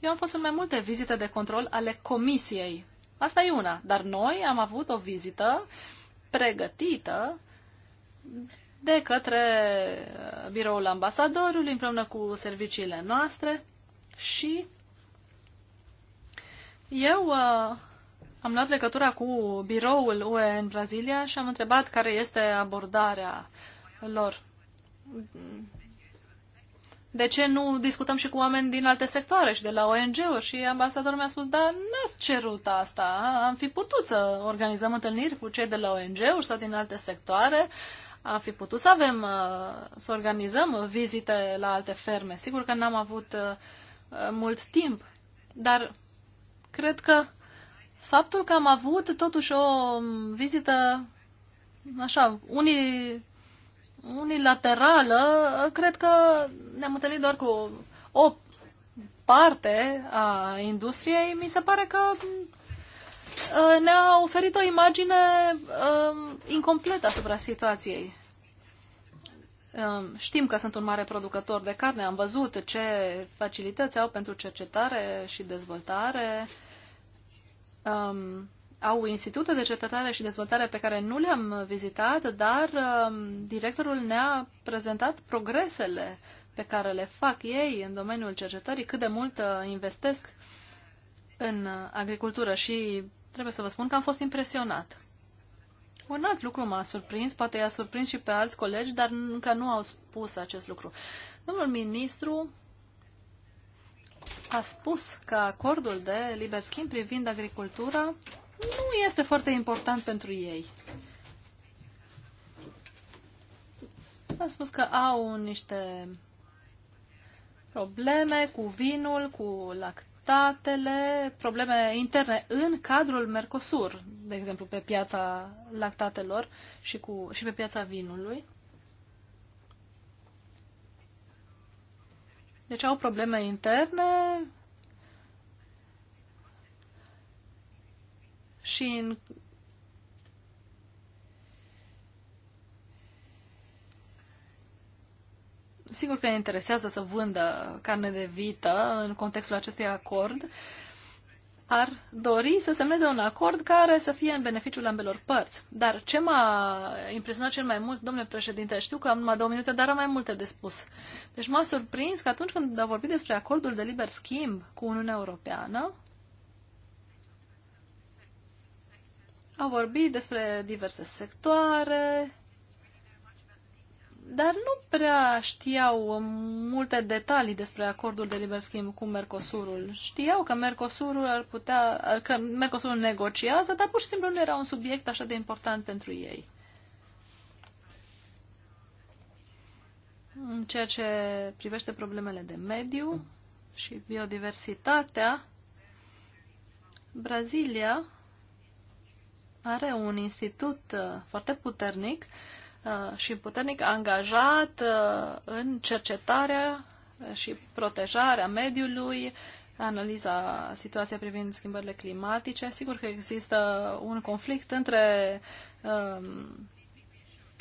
eu am fost în mai multe vizite de control ale comisiei. Asta e una. Dar noi am avut o vizită pregătită de către uh, biroul ambasadorului împreună cu serviciile noastre și eu uh, am luat legătura cu biroul UE în Brazilia și am întrebat care este abordarea lor. De ce nu discutăm și cu oameni din alte sectoare și de la ONG-uri? Și ambasadorul mi-a spus, dar n-ați cerut asta. Am fi putut să organizăm întâlniri cu cei de la ONG-uri sau din alte sectoare. Am fi putut să avem, uh, să organizăm vizite la alte ferme. Sigur că n-am avut uh, mult timp, dar cred că faptul că am avut totuși o vizită așa, unii unilaterală, cred că ne-am întâlnit doar cu o parte a industriei, mi se pare că uh, ne-a oferit o imagine uh, incompletă asupra situației. Uh, știm că sunt un mare producător de carne, am văzut ce facilități au pentru cercetare și dezvoltare, um, au institute de cercetare și dezvoltare pe care nu le-am vizitat, dar um, directorul ne-a prezentat progresele pe care le fac ei în domeniul cercetării, cât de mult uh, investesc în uh, agricultură și trebuie să vă spun că am fost impresionat. Un alt lucru m-a surprins, poate i-a surprins și pe alți colegi, dar încă nu au spus acest lucru. Domnul ministru a spus că acordul de liber schimb privind agricultura nu este foarte important pentru ei. A spus că au niște probleme cu vinul, cu lactatele, probleme interne în cadrul Mercosur, de exemplu, pe piața lactatelor și, cu, și pe piața vinului. Deci au probleme interne și în Sigur că ne interesează să vândă carne de vită în contextul acestui acord, ar dori să semneze un acord care să fie în beneficiul ambelor părți. Dar ce m-a impresionat cel mai mult, domnule președinte, știu că am numai două minute, dar am mai multe de spus. Deci m-a surprins că atunci când a vorbit despre acordul de liber schimb cu Uniunea Europeană, a vorbit despre diverse sectoare, dar nu prea știau multe detalii despre acordul de liber schimb cu Mercosurul. Știau că Mercosurul ar putea, că Mercosurul negociază, dar pur și simplu nu era un subiect așa de important pentru ei. În ceea ce privește problemele de mediu și biodiversitatea, Brazilia are un institut uh, foarte puternic uh, Uh, și puternic angajat uh, în cercetarea și protejarea mediului, analiza situației privind schimbările climatice. Sigur că există un conflict între um,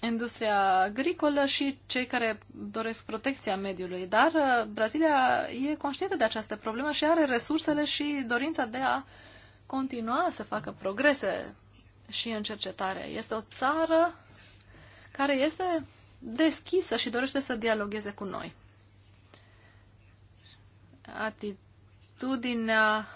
industria agricolă și cei care doresc protecția mediului, dar uh, Brazilia e conștientă de această problemă și are resursele și dorința de a continua să facă progrese și în cercetare. Este o țară care este deschisă și dorește să dialogueze cu noi. Atitudinea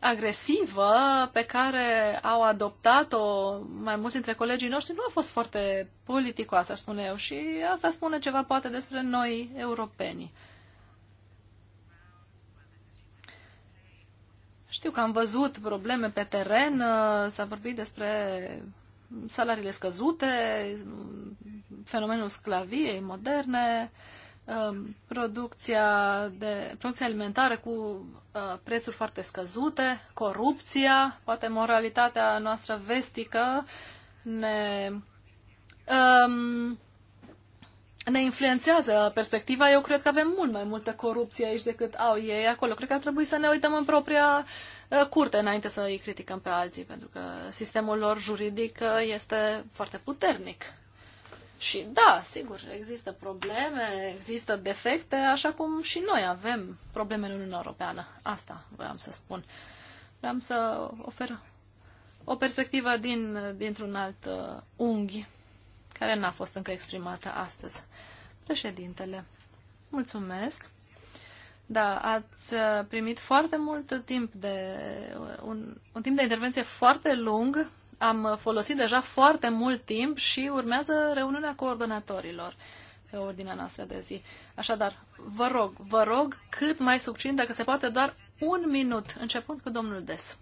agresivă pe care au adoptat-o mai mulți dintre colegii noștri nu a fost foarte politicoasă, aș spune eu, și asta spune ceva poate despre noi europeni. Știu că am văzut probleme pe teren, s-a vorbit despre salariile scăzute, fenomenul sclaviei moderne, um, producția, de, producția alimentară cu uh, prețuri foarte scăzute, corupția, poate moralitatea noastră vestică ne, um, ne influențează perspectiva. Eu cred că avem mult mai multă corupție aici decât au ei acolo. Cred că ar trebui să ne uităm în propria uh, Uh, curte înainte să îi criticăm pe alții, pentru că sistemul lor juridic uh, este foarte puternic. Și da, sigur, există probleme, există defecte, așa cum și noi avem probleme în Uniunea Europeană. Asta voiam să spun. Vreau să ofer o perspectivă din, dintr-un alt uh, unghi, care n-a fost încă exprimată astăzi. Președintele, mulțumesc. Da, ați uh, primit foarte mult timp de, uh, un, un timp de intervenție foarte lung. Am uh, folosit deja foarte mult timp și urmează reuniunea coordonatorilor pe ordinea noastră de zi. Așadar, vă rog, vă rog cât mai succint, dacă se poate, doar un minut, începând cu domnul Des.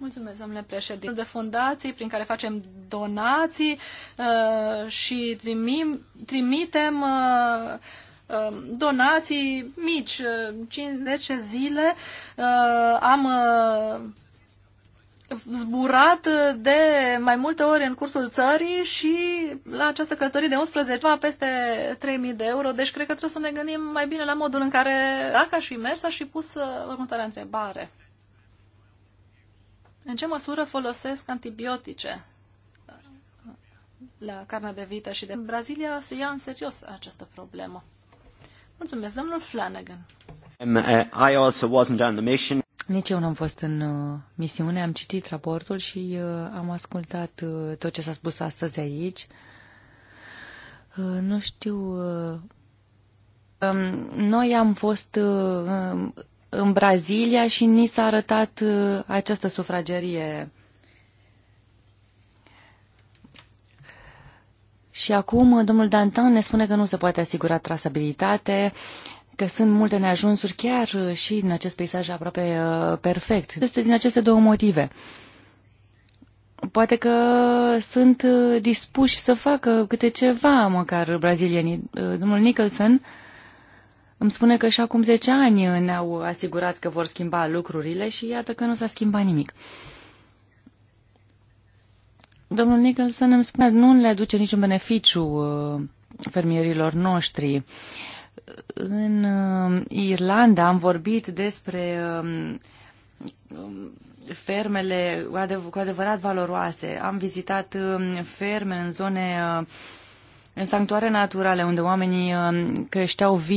Mulțumesc, domnule președinte. De fundații prin care facem donații uh, și trimim, trimitem uh, uh, donații mici, uh, 50 zile. Uh, am uh, zburat de mai multe ori în cursul țării și la această călătorie de 11 va peste 3000 de euro, deci cred că trebuie să ne gândim mai bine la modul în care, dacă aș fi mers, aș fi pus uh, următoarea întrebare. În ce măsură folosesc antibiotice uh, la carnea de vită și de Brazilia se ia în serios această problemă. Mulțumesc, domnul Flanagan. Um, uh, I also wasn't on the mission. Nici eu n-am fost în uh, misiune, am citit raportul și uh, am ascultat uh, tot ce s-a spus astăzi aici. Uh, nu știu. Uh, um, noi am fost uh, um, în Brazilia și ni s-a arătat uh, această sufragerie. Și acum uh, domnul Dantan ne spune că nu se poate asigura trasabilitate, că sunt multe neajunsuri chiar uh, și în acest peisaj aproape perfect. Este din aceste două motive poate că sunt dispuși să facă câte ceva, măcar brazilienii. Domnul Nicholson îmi spune că și acum 10 ani ne-au asigurat că vor schimba lucrurile și iată că nu s-a schimbat nimic. Domnul Nicholson îmi spune că nu le aduce niciun beneficiu uh, fermierilor noștri. În uh, Irlanda am vorbit despre um, um, fermele cu adevărat valoroase. Am vizitat um, ferme în zone, uh, în sanctuare naturale, unde oamenii creșteau vii